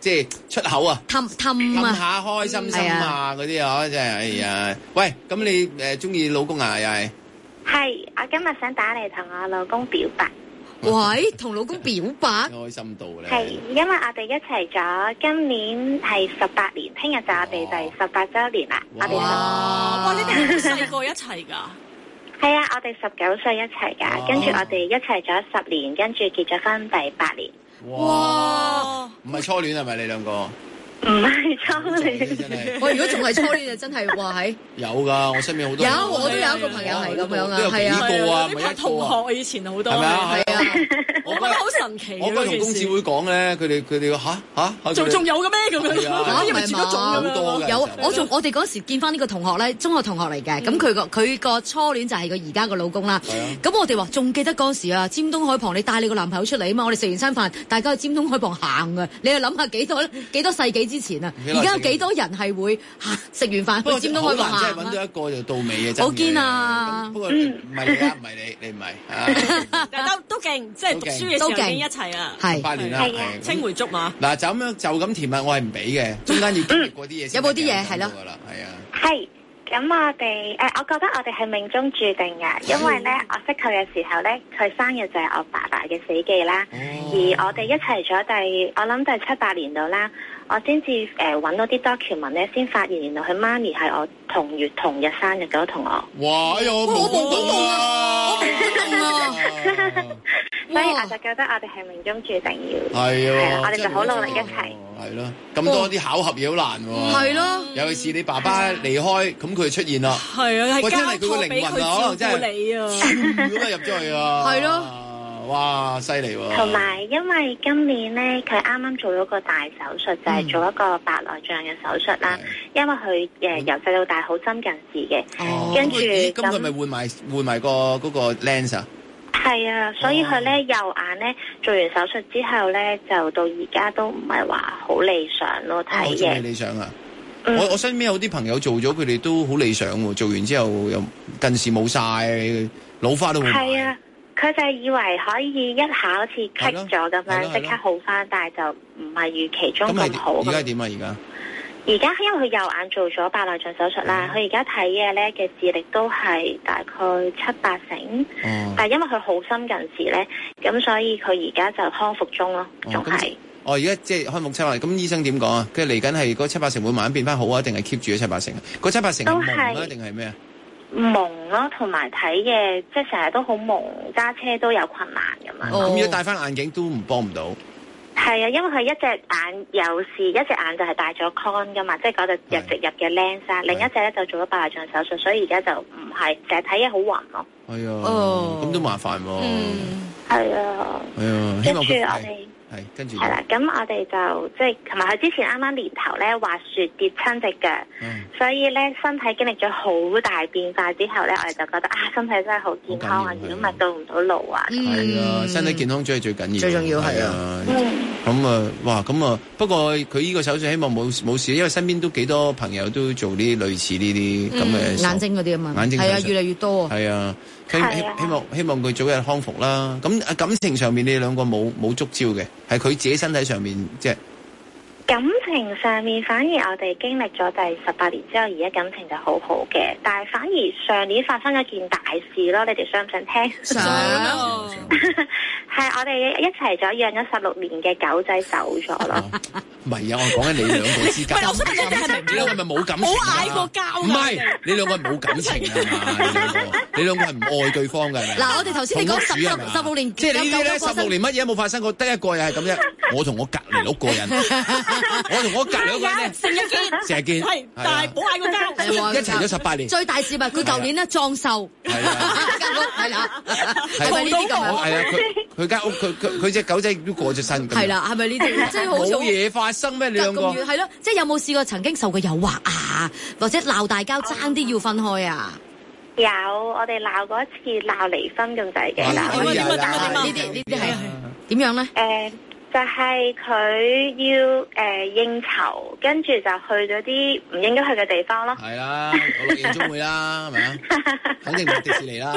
即係出口啊！氹氹下開心心啊！嗰啲啊，真係哎呀！喂，咁你誒中意老公啊？又係係，我今日想打嚟，同我老公表白。喂，同老公表白開心到咧？係，因為我哋一齊咗，今年係十八年，聽日就我哋第十八周年啦。哇！哇，你哋咁細個一齊噶？係啊，我哋十九歲一齊噶，跟住我哋一齊咗十年，跟住結咗婚第八年。哇！唔係哇初戀係咪你兩個？唔係初戀，我如果仲係初戀就真係話係有㗎，我身邊好多有，我都有一個朋友係咁樣啊，係啊，呢個啊，唔係啊，同學以前好多係啊？係啊，我覺得好神奇。我嗰陣同公子會講咧，佢哋佢哋話嚇嚇仲仲有嘅咩咁樣我以為自己做多有我仲我哋嗰時見翻呢個同學咧，中學同學嚟嘅咁佢個佢個初戀就係佢而家個老公啦。咁我哋話仲記得嗰時啊，尖東海旁你帶你個男朋友出嚟啊嘛，我哋食完餐飯，大家去尖東海旁行㗎。你去諗下幾多幾多世紀？之前啊，而家有幾多人係會嚇食完飯去尖東開房下？係揾到一個就到尾嘅，真好堅啊！不過唔係你啊，唔係你，你唔係啊，都都勁，即係讀書都時候已經一齊啦，係八八年啊，青梅竹馬嗱，就咁樣就咁甜蜜，我係唔俾嘅，中間要過啲嘢先，有冇啲嘢係咯，係啊，係咁我哋誒，我覺得我哋係命中注定嘅，因為咧我識佢嘅時候咧，佢生日就係我爸爸嘅死記啦，而我哋一齊咗第我諗第七八年度啦。我先至誒揾到啲 document 咧，先發現原來佢媽咪係我同月同日生日嘅同學。哇！哎呀，命中啊！所以我就覺得我哋係命中注定要係啊！我哋就好努力一齊。係咯，咁多啲巧合嘢好難喎。係咯，尤其是你爸爸離開，咁佢出現啦。係啊，我真係佢嘅靈魂啊，可能真係你啊，全部都入咗去啊。係咯。哇，犀利喎！同埋，因為今年咧，佢啱啱做咗個大手術，就係、是、做一個白內障嘅手術啦。嗯、因為佢誒、呃嗯、由細到大好深近視嘅，哦、跟住著咁。佢咪換埋換埋個嗰個 lens 啊？係啊，所以佢咧、哦、右眼咧做完手術之後咧，就到而家都唔係話好理想咯，睇嘅。好、哦、理想啊！嗯、我我身邊有啲朋友做咗，佢哋都好理想喎、啊。做完之後又近視冇晒，老花都會啊！佢就係以為可以一下好似 cut 咗咁樣，即刻好翻，但係就唔係預期中咁好。而家點啊？而家而家因為佢右眼做咗白內障手術啦，佢而家睇嘢咧嘅視力都係大概七八成。哦、但係因為佢好深近視咧，咁所以佢而家就康復中咯，仲係。哦，而家即係康復中啊？咁醫生點講啊？佢嚟緊係嗰七八成會慢慢變翻好啊？定係 keep 住嘅七八成？嗰七八成都蒙啊？定係咩啊？矇咯，同埋睇嘅，即係成日都好矇，揸車都有困難咁嘛。咁、oh. 如果戴翻眼鏡都唔幫唔到。係啊，因為佢一隻眼有事，一隻眼就係戴咗 con 噶嘛，即係嗰度入植入嘅 lens，另一隻咧就做咗白內障手術，所以而家就唔係成日睇嘢好暈咯。係啊，哦、oh.，咁都麻煩。嗯，係啊。係啊，希望佢係。係，跟住係啦。咁、嗯、我哋就即係同埋佢之前啱啱年頭咧滑雪跌親隻腳，嗯、所以咧身體經歷咗好大變化之後咧，我哋就覺得啊，身體真係好健康啊，如果唔到唔到路啊。係啊，身體健康真係最緊要。最重要係啊。咁啊的的，哇，咁啊，不過佢呢個手術希望冇冇事，因為身邊都幾多朋友都做呢啲類似呢啲咁嘅眼睛嗰啲啊嘛。眼睛係啊，越嚟越多。係啊。他希望希佢早日康復啦。咁感情上面你們兩個冇冇觸礁嘅，係佢自己身體上面、就、即、是感情上面反而我哋經歷咗第十八年之後，而家感情就好好嘅。但係反而上年發生咗件大事咯，你哋想唔想聽？想，係我哋一齊咗養咗十六年嘅狗仔走咗咯。唔係啊，我講緊你兩個之間。唔係，你兩個係咪冇感情？冇嗌過交？唔係，你兩個係冇感情啊嘛？你兩個係唔愛對方嘅。嗱，我哋頭先講十六年，即係你呢啲咧，十六年乜嘢都冇發生過，得一個又係咁啫。我同我隔籬屋個人。我同我隔籬嗰啲成日見，成日見係，但係冇嗌過交，一齊咗十八年。最大事物，佢舊年咧裝修，係啦，係咪呢啲？冇嘢發生咩？你兩個係咯，即係有冇試過曾經受過誘惑啊？或者鬧大交，爭啲要分開啊？有，我哋鬧過一次鬧離婚咁滯嘅。點啊？點啊？點啊？點啊？呢啲呢啲係點樣咧？誒。就係佢要誒、呃、應酬，跟住就去咗啲唔應該去嘅地方咯。係啦、啊，好見鍾會啦，係咪啊？ 肯定迪士尼啦！哎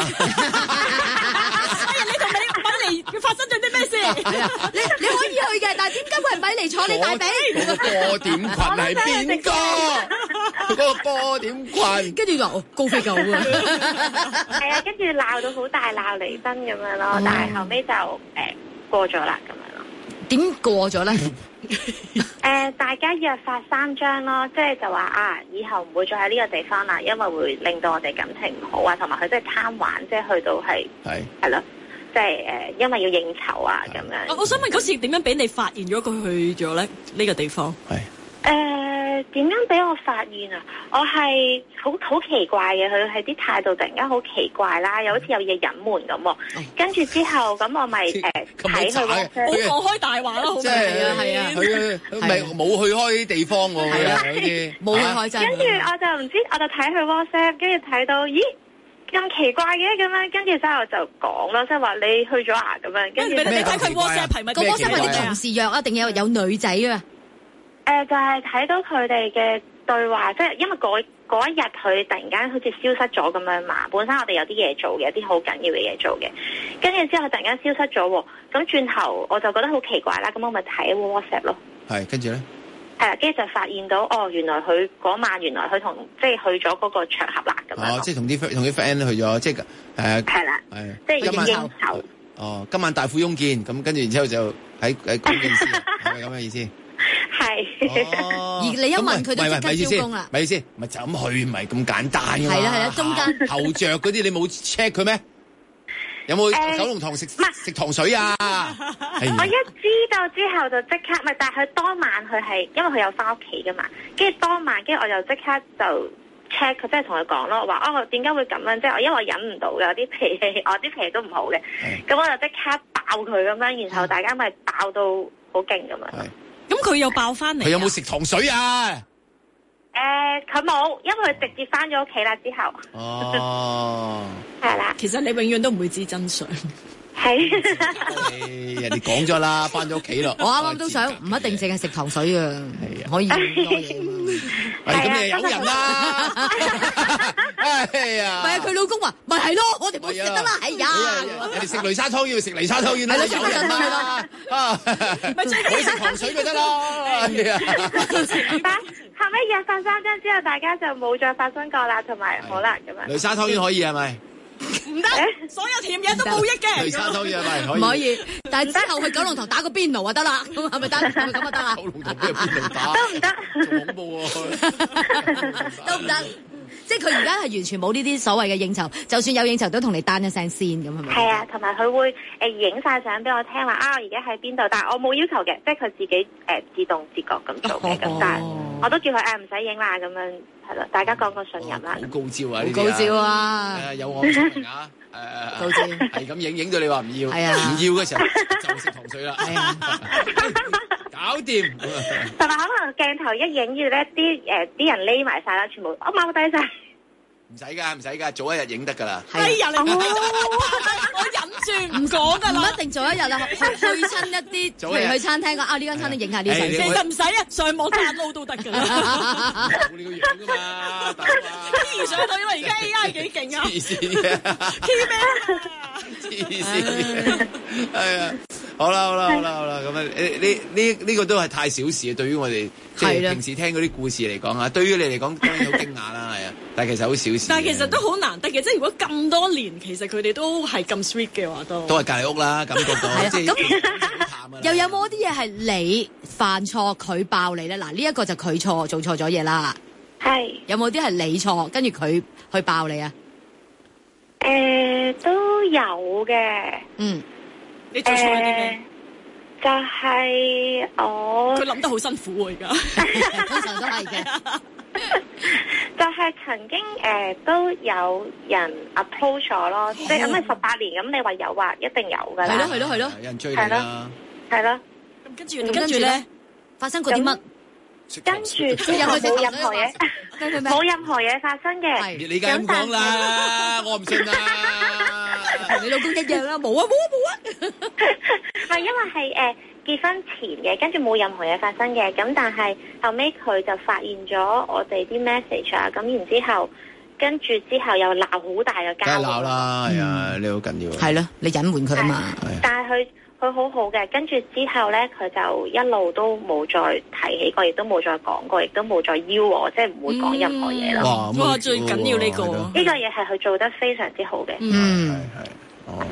呀，你同你唔米嚟，發生咗啲咩事？ 你你可以去嘅，但係點解佢唔俾嚟坐你大髀？嗰 個波點裙係邊個？嗰 個波點裙？跟住就，高飛狗啊！係啊，跟住鬧到好大鬧離婚咁樣咯，但係後尾就誒、呃、過咗啦咁樣。點過咗咧？誒、 呃，大家約法三章咯，即係就話、是、啊，以後唔會再喺呢個地方啦，因為會令到我哋感情唔好啊，同埋佢真係貪玩，即、就、係、是、去到係係係咯，即係誒，因為要應酬啊，咁的樣、啊。我想問嗰的次點樣俾你發現咗佢去咗咧？呢、這個地方係誒。的點樣俾我發現啊？我係好好奇怪嘅，佢喺啲態度突然間好奇怪啦，又好似有嘢隱瞞咁。跟住之後，咁我咪誒睇佢，我開大話咯，即係佢咪冇去開地方我嘅，冇去開真。跟住我就唔知，我就睇佢 WhatsApp，跟住睇到咦咁奇怪嘅咁樣，跟住之後就講咯，即係話你去咗啊咁樣。跟住你睇佢 WhatsApp 群，個 WhatsApp 係你同事約啊，定有有女仔啊？誒、呃，就係、是、睇到佢哋嘅對話，即係因為嗰一日佢突然間好似消失咗咁樣嘛。本身我哋有啲嘢做嘅，有啲好緊要嘅嘢做嘅，跟住之後佢突然間消失咗，咁轉頭我就覺得好奇怪啦。咁我咪睇 WhatsApp 咯。係，跟住咧？係啦，跟住就發現到，哦，原來佢嗰晚原來佢同即係去咗嗰個場合啦，咁、哦、樣。哦，即係同啲同啲 friend 去咗，即係誒。係啦。係。即係已經。哦，今晚大富翁見，咁跟住然之後就喺喺講件事，係咪咁嘅意思？係，是哦、而你一問佢不就即刻招供啦。唔係意思，唔係就咁去，唔係咁簡單噶嘛。係啦，係啦，中間後著嗰啲你冇 check 佢咩？有冇九龍塘食、嗯、食，食糖水啊？我一知道之後就即刻，唔係但係佢當晚佢係，因為佢有翻屋企噶嘛。跟住當晚，跟住我就即刻就 check 佢，即係同佢講咯，話哦點解會咁樣？即係我因為我忍唔到噶，我啲脾氣我啲脾氣都唔好嘅。咁的我就即刻爆佢咁樣，然後大家咪爆到好勁咁樣！的咁佢又爆翻嚟？佢有冇食糖水啊？誒、呃，佢冇，因為佢直接翻咗屋企啦。之後哦，係啦。其實你永遠都唔會知真相。係是的， 人哋講咗啦，翻咗屋企咯。我啱啱都想，唔一定淨係食糖水啊，係啊，可以。 係咁又有人啦！哎呀，咪係佢老公話，咪係咯，我哋唔食得啦，係呀。你哋食雷沙湯要食雷沙湯，圓啦，食人啦，啊，咪追啲鹽水咪得咯。係啊，好啦，後尾日發三張之後，大家就冇再發生過啦，同埋好啦咁啊。雷沙湯圓可以係咪？唔得，所有甜嘢都冇益嘅。唔可以？但係之後去九龍塘打個邊爐就得啦，係咪得？係咪咁啊得啦。九龍塘嘅邊爐打都唔得，好恐怖啊！都唔得。即係佢而家係完全冇呢啲所謂嘅應酬，就算有應酬都同你單一聲先咁係咪？係啊，同埋佢會誒影晒相俾我聽，話啊我而家喺邊度，但係我冇要求嘅，即係佢自己誒、呃、自動自覺咁做嘅，咁、哦哦、但係我都叫佢誒唔使影啦咁樣，係咯，大家講個信任啦、哦哦。好高照啊！啊好高招啊！ 呃、有我啊誒， 高招係咁影，影到你話唔要，啊，唔要嘅時候就食糖水啦。搞掂，同埋可能鏡頭一影住咧，啲誒啲人匿埋晒啦，全部踎低晒。 唔使噶，唔使噶，早一日影得噶啦。係啊，我我忍住，唔講噶啦。唔一定早一日啦，去去親一啲，早嚟去餐廳個啊，呢間餐廳影下啲相成日唔使啊，上網撻撈都得噶啦。依然上台啊！而家 AI 幾勁啊！黐線嘅黐咩啊！黐線嘅，係啊！好啦好啦好啦好啦，咁啊呢呢呢呢個都係太少事啊！對於我哋即係平時聽嗰啲故事嚟講啊，對於你嚟講當然好驚訝啦，係啊！但係其實好少事。但係其實都好難得嘅，即係如果咁多年，其實佢哋都係咁 sweet 嘅話，都都係隔籬屋啦，咁覺都係。咁又有冇啲嘢係你犯錯佢爆你咧？嗱，呢一個就佢錯做錯咗嘢啦。係是。有冇啲係你錯跟住佢去爆你啊？誒、呃，都有嘅。嗯。 你做錯咗啲就係我，佢諗得好辛苦喎而家，通常都係嘅。就係曾經誒都有人 approach 咗咯，即係咁係十八年，咁你話有話？一定有噶啦。係咯係咯係咯，有人追你啦。係咯，咁跟住，跟住咧發生過啲乜？跟住，冇任何嘢，冇任何嘢發生嘅。你唔講啦，我唔算啦。同 你老公一樣啦，冇啊冇啊冇啊，係、啊、因為係誒、呃、結婚前嘅，跟住冇任何嘢發生嘅，咁但係後尾佢就發現咗我哋啲 message 啊，咁然之後跟住之後又鬧好大嘅交，鬧啦，係啊、嗯，你好緊要，係咯，你隱瞞佢啊嘛，但係佢。 佢好好嘅，跟住之後咧，佢就一路都冇再提起過，亦都冇再講過，亦都冇再邀我，即係唔會講任何嘢咯。哇！最緊要呢個呢個嘢係佢做得非常之好嘅。嗯，係哦。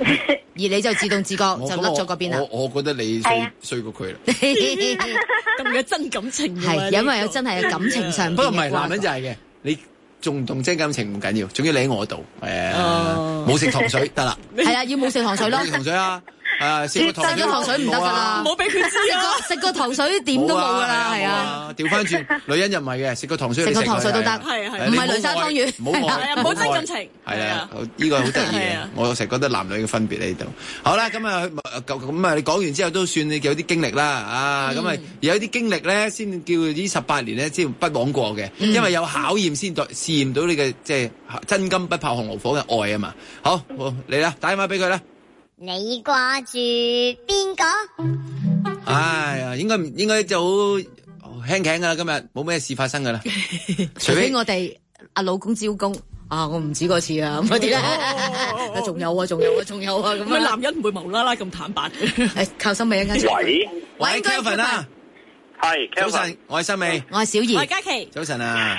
而你就自動自覺就甩咗嗰邊啦。我覺得你衰衰過佢啦。咁嘅真感情，係因為有真係嘅感情上。不過唔係，男人就係嘅，你仲唔動真感情唔緊要，仲要你喺我度，係冇食糖水得啦。係啊，要冇食糖水咯。食糖水啊！啊！食個糖水唔得噶啦，唔好俾佢食個糖水，點都冇噶啦，係啊！調翻轉，女人就唔係嘅，食個糖水。食個糖水都得，係啊，唔係擂沙湯圓，唔好唔好真感情。係啊，呢個好得意嘅，我成日覺得男女嘅分別喺度。好啦，咁啊，咁啊，你講完之後都算你有啲經歷啦，啊，咁啊，有啲經歷咧，先叫呢十八年咧，先不枉過嘅。因為有考驗先度試驗到你嘅，即係真金不怕紅爐火嘅愛啊嘛。好，你啦，打電話俾佢啦。你掛住邊個？哎呀，應該唔應該就好輕鬆噶啦，今日冇咩事發生噶啦。除非我哋阿老公招工啊，我唔止嗰次啊，咁嗰啲咧，仲有啊，仲有啊，仲有啊，咁佢。男人唔會無啦啦咁坦白。誒，靠，心美一陣先。喂，喂，Kevin 啦，係，早晨，我係心美，我係小儀，我係嘉琪，早晨啊，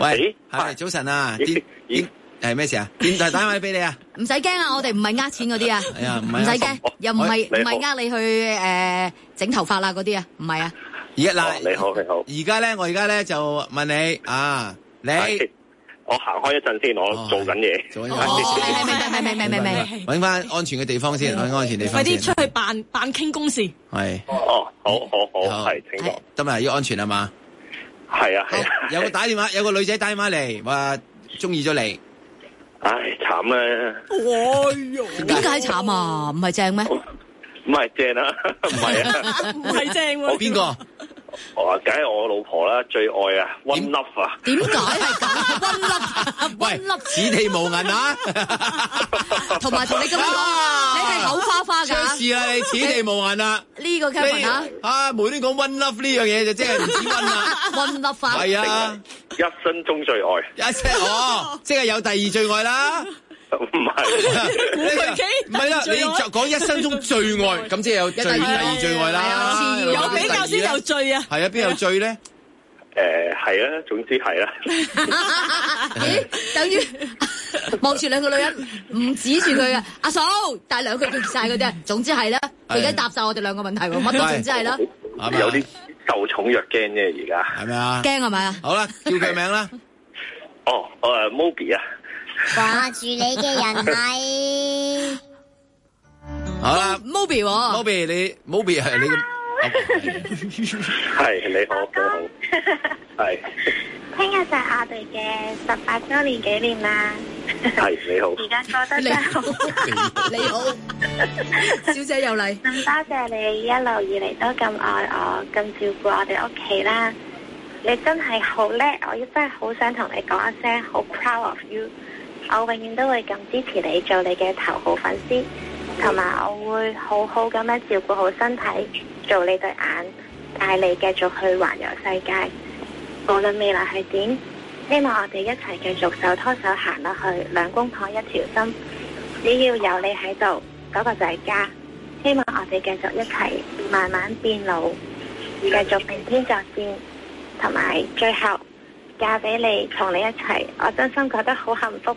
喂，係，早晨啊，咦咦。係咩事啊？電話，打電話俾你啊！唔使驚啊，我哋唔係呃錢嗰啲啊，係啊，唔使驚，又唔係唔係呃你去誒，整頭髮啦嗰啲啊，唔係啊。而家嗱，你好，你好。而家咧，我而家咧就問你啊，你，我行開一陣先，我做緊嘢。做緊嘢。係係係係係係。搵翻安全嘅地方先，搵安全地方先。快啲出去辦辦傾公事。係。哦，好好好。係，請坐。得咪要安全啊嘛？係啊係啊。有個打電話，有個女仔打電話嚟，話中意咗你。唉，慘啊，哎喲 點解慘啊？唔係正咩？唔係正啊，唔係啊，唔係 正邊、啊、個？ 我話梗係我老婆啦，最愛啊 one love 啊，點解係咁 one love？one love？此地無銀啊，同埋同你咁講、啊、你係口花花噶、啊，是啦、啊，你此地無銀啦、啊，呢 個傾下、啊，啊，無端講 one love 呢樣嘢就即係唔止 one one love 係啊， 啊啊一生中最愛， 一生我、哦，即係有第二最愛啦。唔係，唔係啦！你就講一生中最愛，咁即係有第第二最愛啦。有比較先有最啊！係啊，邊有最咧？誒，係啦，總之係啦。咦？等於望住兩個女人，唔指住佢嘅阿嫂，但係兩句變晒嗰啲啊。總之係啦，佢而家答晒我哋兩個問題，乜都總之係啦。有啲受寵若驚啫，而家係咪啊？驚係咪啊？好啦，叫佢名啦。哦，誒，Moby 啊。掛住你嘅人係，好啦，Moby，Moby 你，Moby 係你，係、hey, oh, hey. 你好，你好，係。聽日就係我哋嘅十八周年紀念啦。係你好，而家過得覺得你好，你好，小姐又嚟。咁多謝你一路以嚟都咁愛我，咁照顧我哋屋企啦。你真係好叻，我亦真係好想同你講一聲好 proud of you。我永遠都會咁支持你，做你嘅頭號粉絲，同埋我會好好咁樣照顧好身體，做你對眼，帶你繼續去環遊世界。無論未來係點，希望我哋一齊繼續手拖手行落去，兩公婆一條心。只要有你喺度，嗰個就係家。希望我哋繼續一齊慢慢變老，繼續明天作戰，同埋最後嫁俾你同你一齊。我真心覺得好幸福。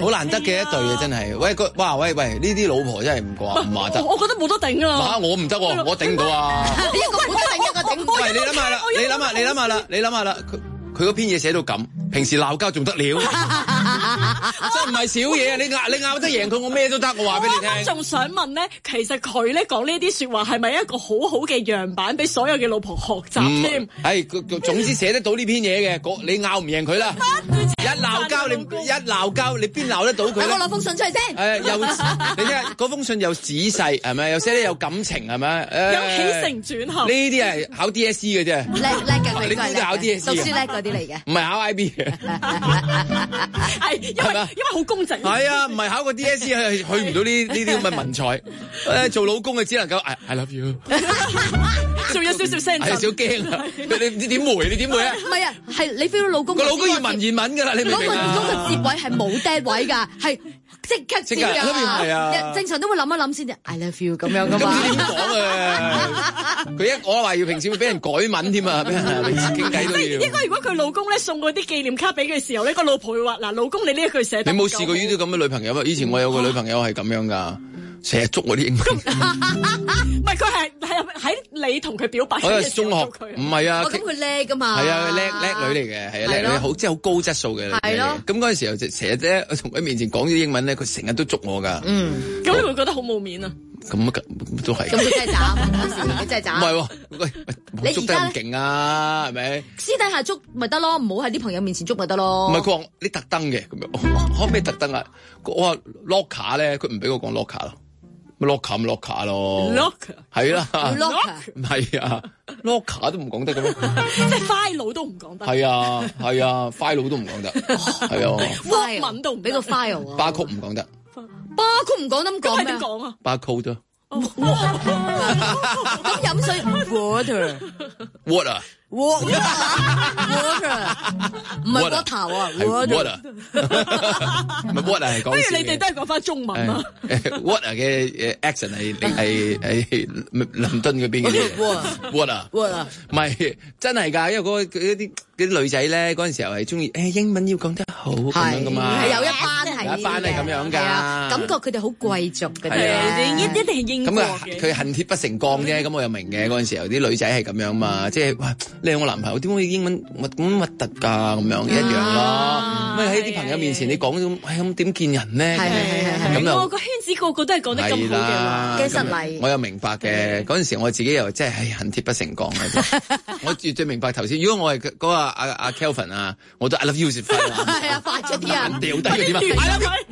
好難得嘅一對啊！真係，喂個喂喂，呢啲老婆真係唔啩唔話得，我覺得冇得頂啊！我唔得喎，我頂唔到啊！一個頂唔一個頂，你諗下啦，你諗下，你諗下啦，你諗下啦，佢佢篇嘢寫到咁，平時鬧交仲得了。真唔係小嘢啊！你拗你拗得贏佢，我咩都得。我話俾你聽，我仲想問咧，其實佢咧講呢啲說話係咪一個好好嘅樣板俾所有嘅老婆學習添？係，總之寫得到呢篇嘢嘅，你拗唔贏佢啦。一鬧交，你一鬧交，你邊鬧得到佢咧？我攞封信出嚟先。又，你睇下嗰封信又仔細係咪？又寫得有感情係咪？有起承轉合。呢啲係考 DSE 嘅啫。叻叻嘅嗰啲。讀書叻嗰啲嚟嘅。唔係考 IB。係因為。因為好公仔係啊，唔係考個 DSE 係去唔到呢呢啲咁嘅文采。誒，做老公嘅，只能夠誒，I love you，做嘢少少聲，係少驚啊！你你點回，你點回啊？唔係啊，係你 feel 到老公個老公要文言文噶啦，你明唔明啊？個個接位係冇爹位噶，係。即刻知啊！正常都會諗一諗先啫，I love you 咁樣噶嘛。佢一我話要平時會俾人改文添啊人咩？應該如果佢老公咧送嗰啲紀念卡俾佢嘅時候咧，個老婆會話：嗱，老公你呢一句寫得。你冇試過呢啲咁嘅女朋友啊？以前我有個女朋友係咁樣噶。成日捉我啲英文，唔係佢，係喺喺你同佢表白嗰陣時中學捉佢，唔係啊，咁佢叻噶嘛，係啊，叻叻女嚟嘅，係啊，叻女好，即係好高質素嘅。係咯，咁嗰陣時候成日咧，同佢面前講啲英文咧，佢成日都捉我噶。嗯，咁你會覺得好冇面啊？咁都係，咁真係渣，真係渣，唔係喎。喂，你而家捉得咁勁啊，係咪？私底下捉咪得咯，唔好喺啲朋友面前捉咪得咯。唔係佢話你特登嘅咁樣，可唔可以特登啊？我話 lock 卡咧，佢唔俾我講 lock 卡咯。lock 琴 lock 卡咯，係啦，唔係啊，lock 卡都唔講得嘅咯，即係 file 都唔講得，係啊係啊，file 都唔講得，係啊，文都唔俾個 file 啊，巴曲唔講得，巴曲唔講得咁點講啊？巴 code 都。water，咁飲水 water water water water，唔係個頭啊，water 唔係，water 係講，不如你哋都係講翻中文啊。water 嘅，誒 accent 係係係倫敦嗰邊嘅嘢，water water water，唔係真係㗎，因為嗰個嗰啲嗰啲女仔咧嗰陣時候係中意誒英文要講得好咁樣㗎嘛。一班係咁樣㗎，感覺佢哋好貴族嘅，一定係英國。咁佢恨鐵不成鋼啫。咁我又明嘅，嗰陣時候啲女仔係咁樣嘛，即係你係我男朋友，點解英文咁核突㗎？咁樣一樣咯。喺啲朋友面前你講咁，係點見人呢？咁個圈子個個都係講得咁好嘅，幾我又明白嘅，嗰陣時，我自己又真係恨鐵不成鋼。我最明白頭先，如果我係嗰個阿阿 Kelvin 啊，我都 I love you 是廢啊？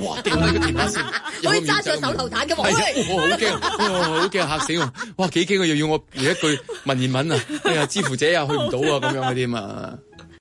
哇！定你個電話先可以揸住手榴彈嘅，我好驚，好驚，嚇死我！哇，幾驚！啊！又要我嚟一句文言文啊！你、 哎、呀，之乎者也，去唔到啊！咁樣 𠮶 啲啊嘛！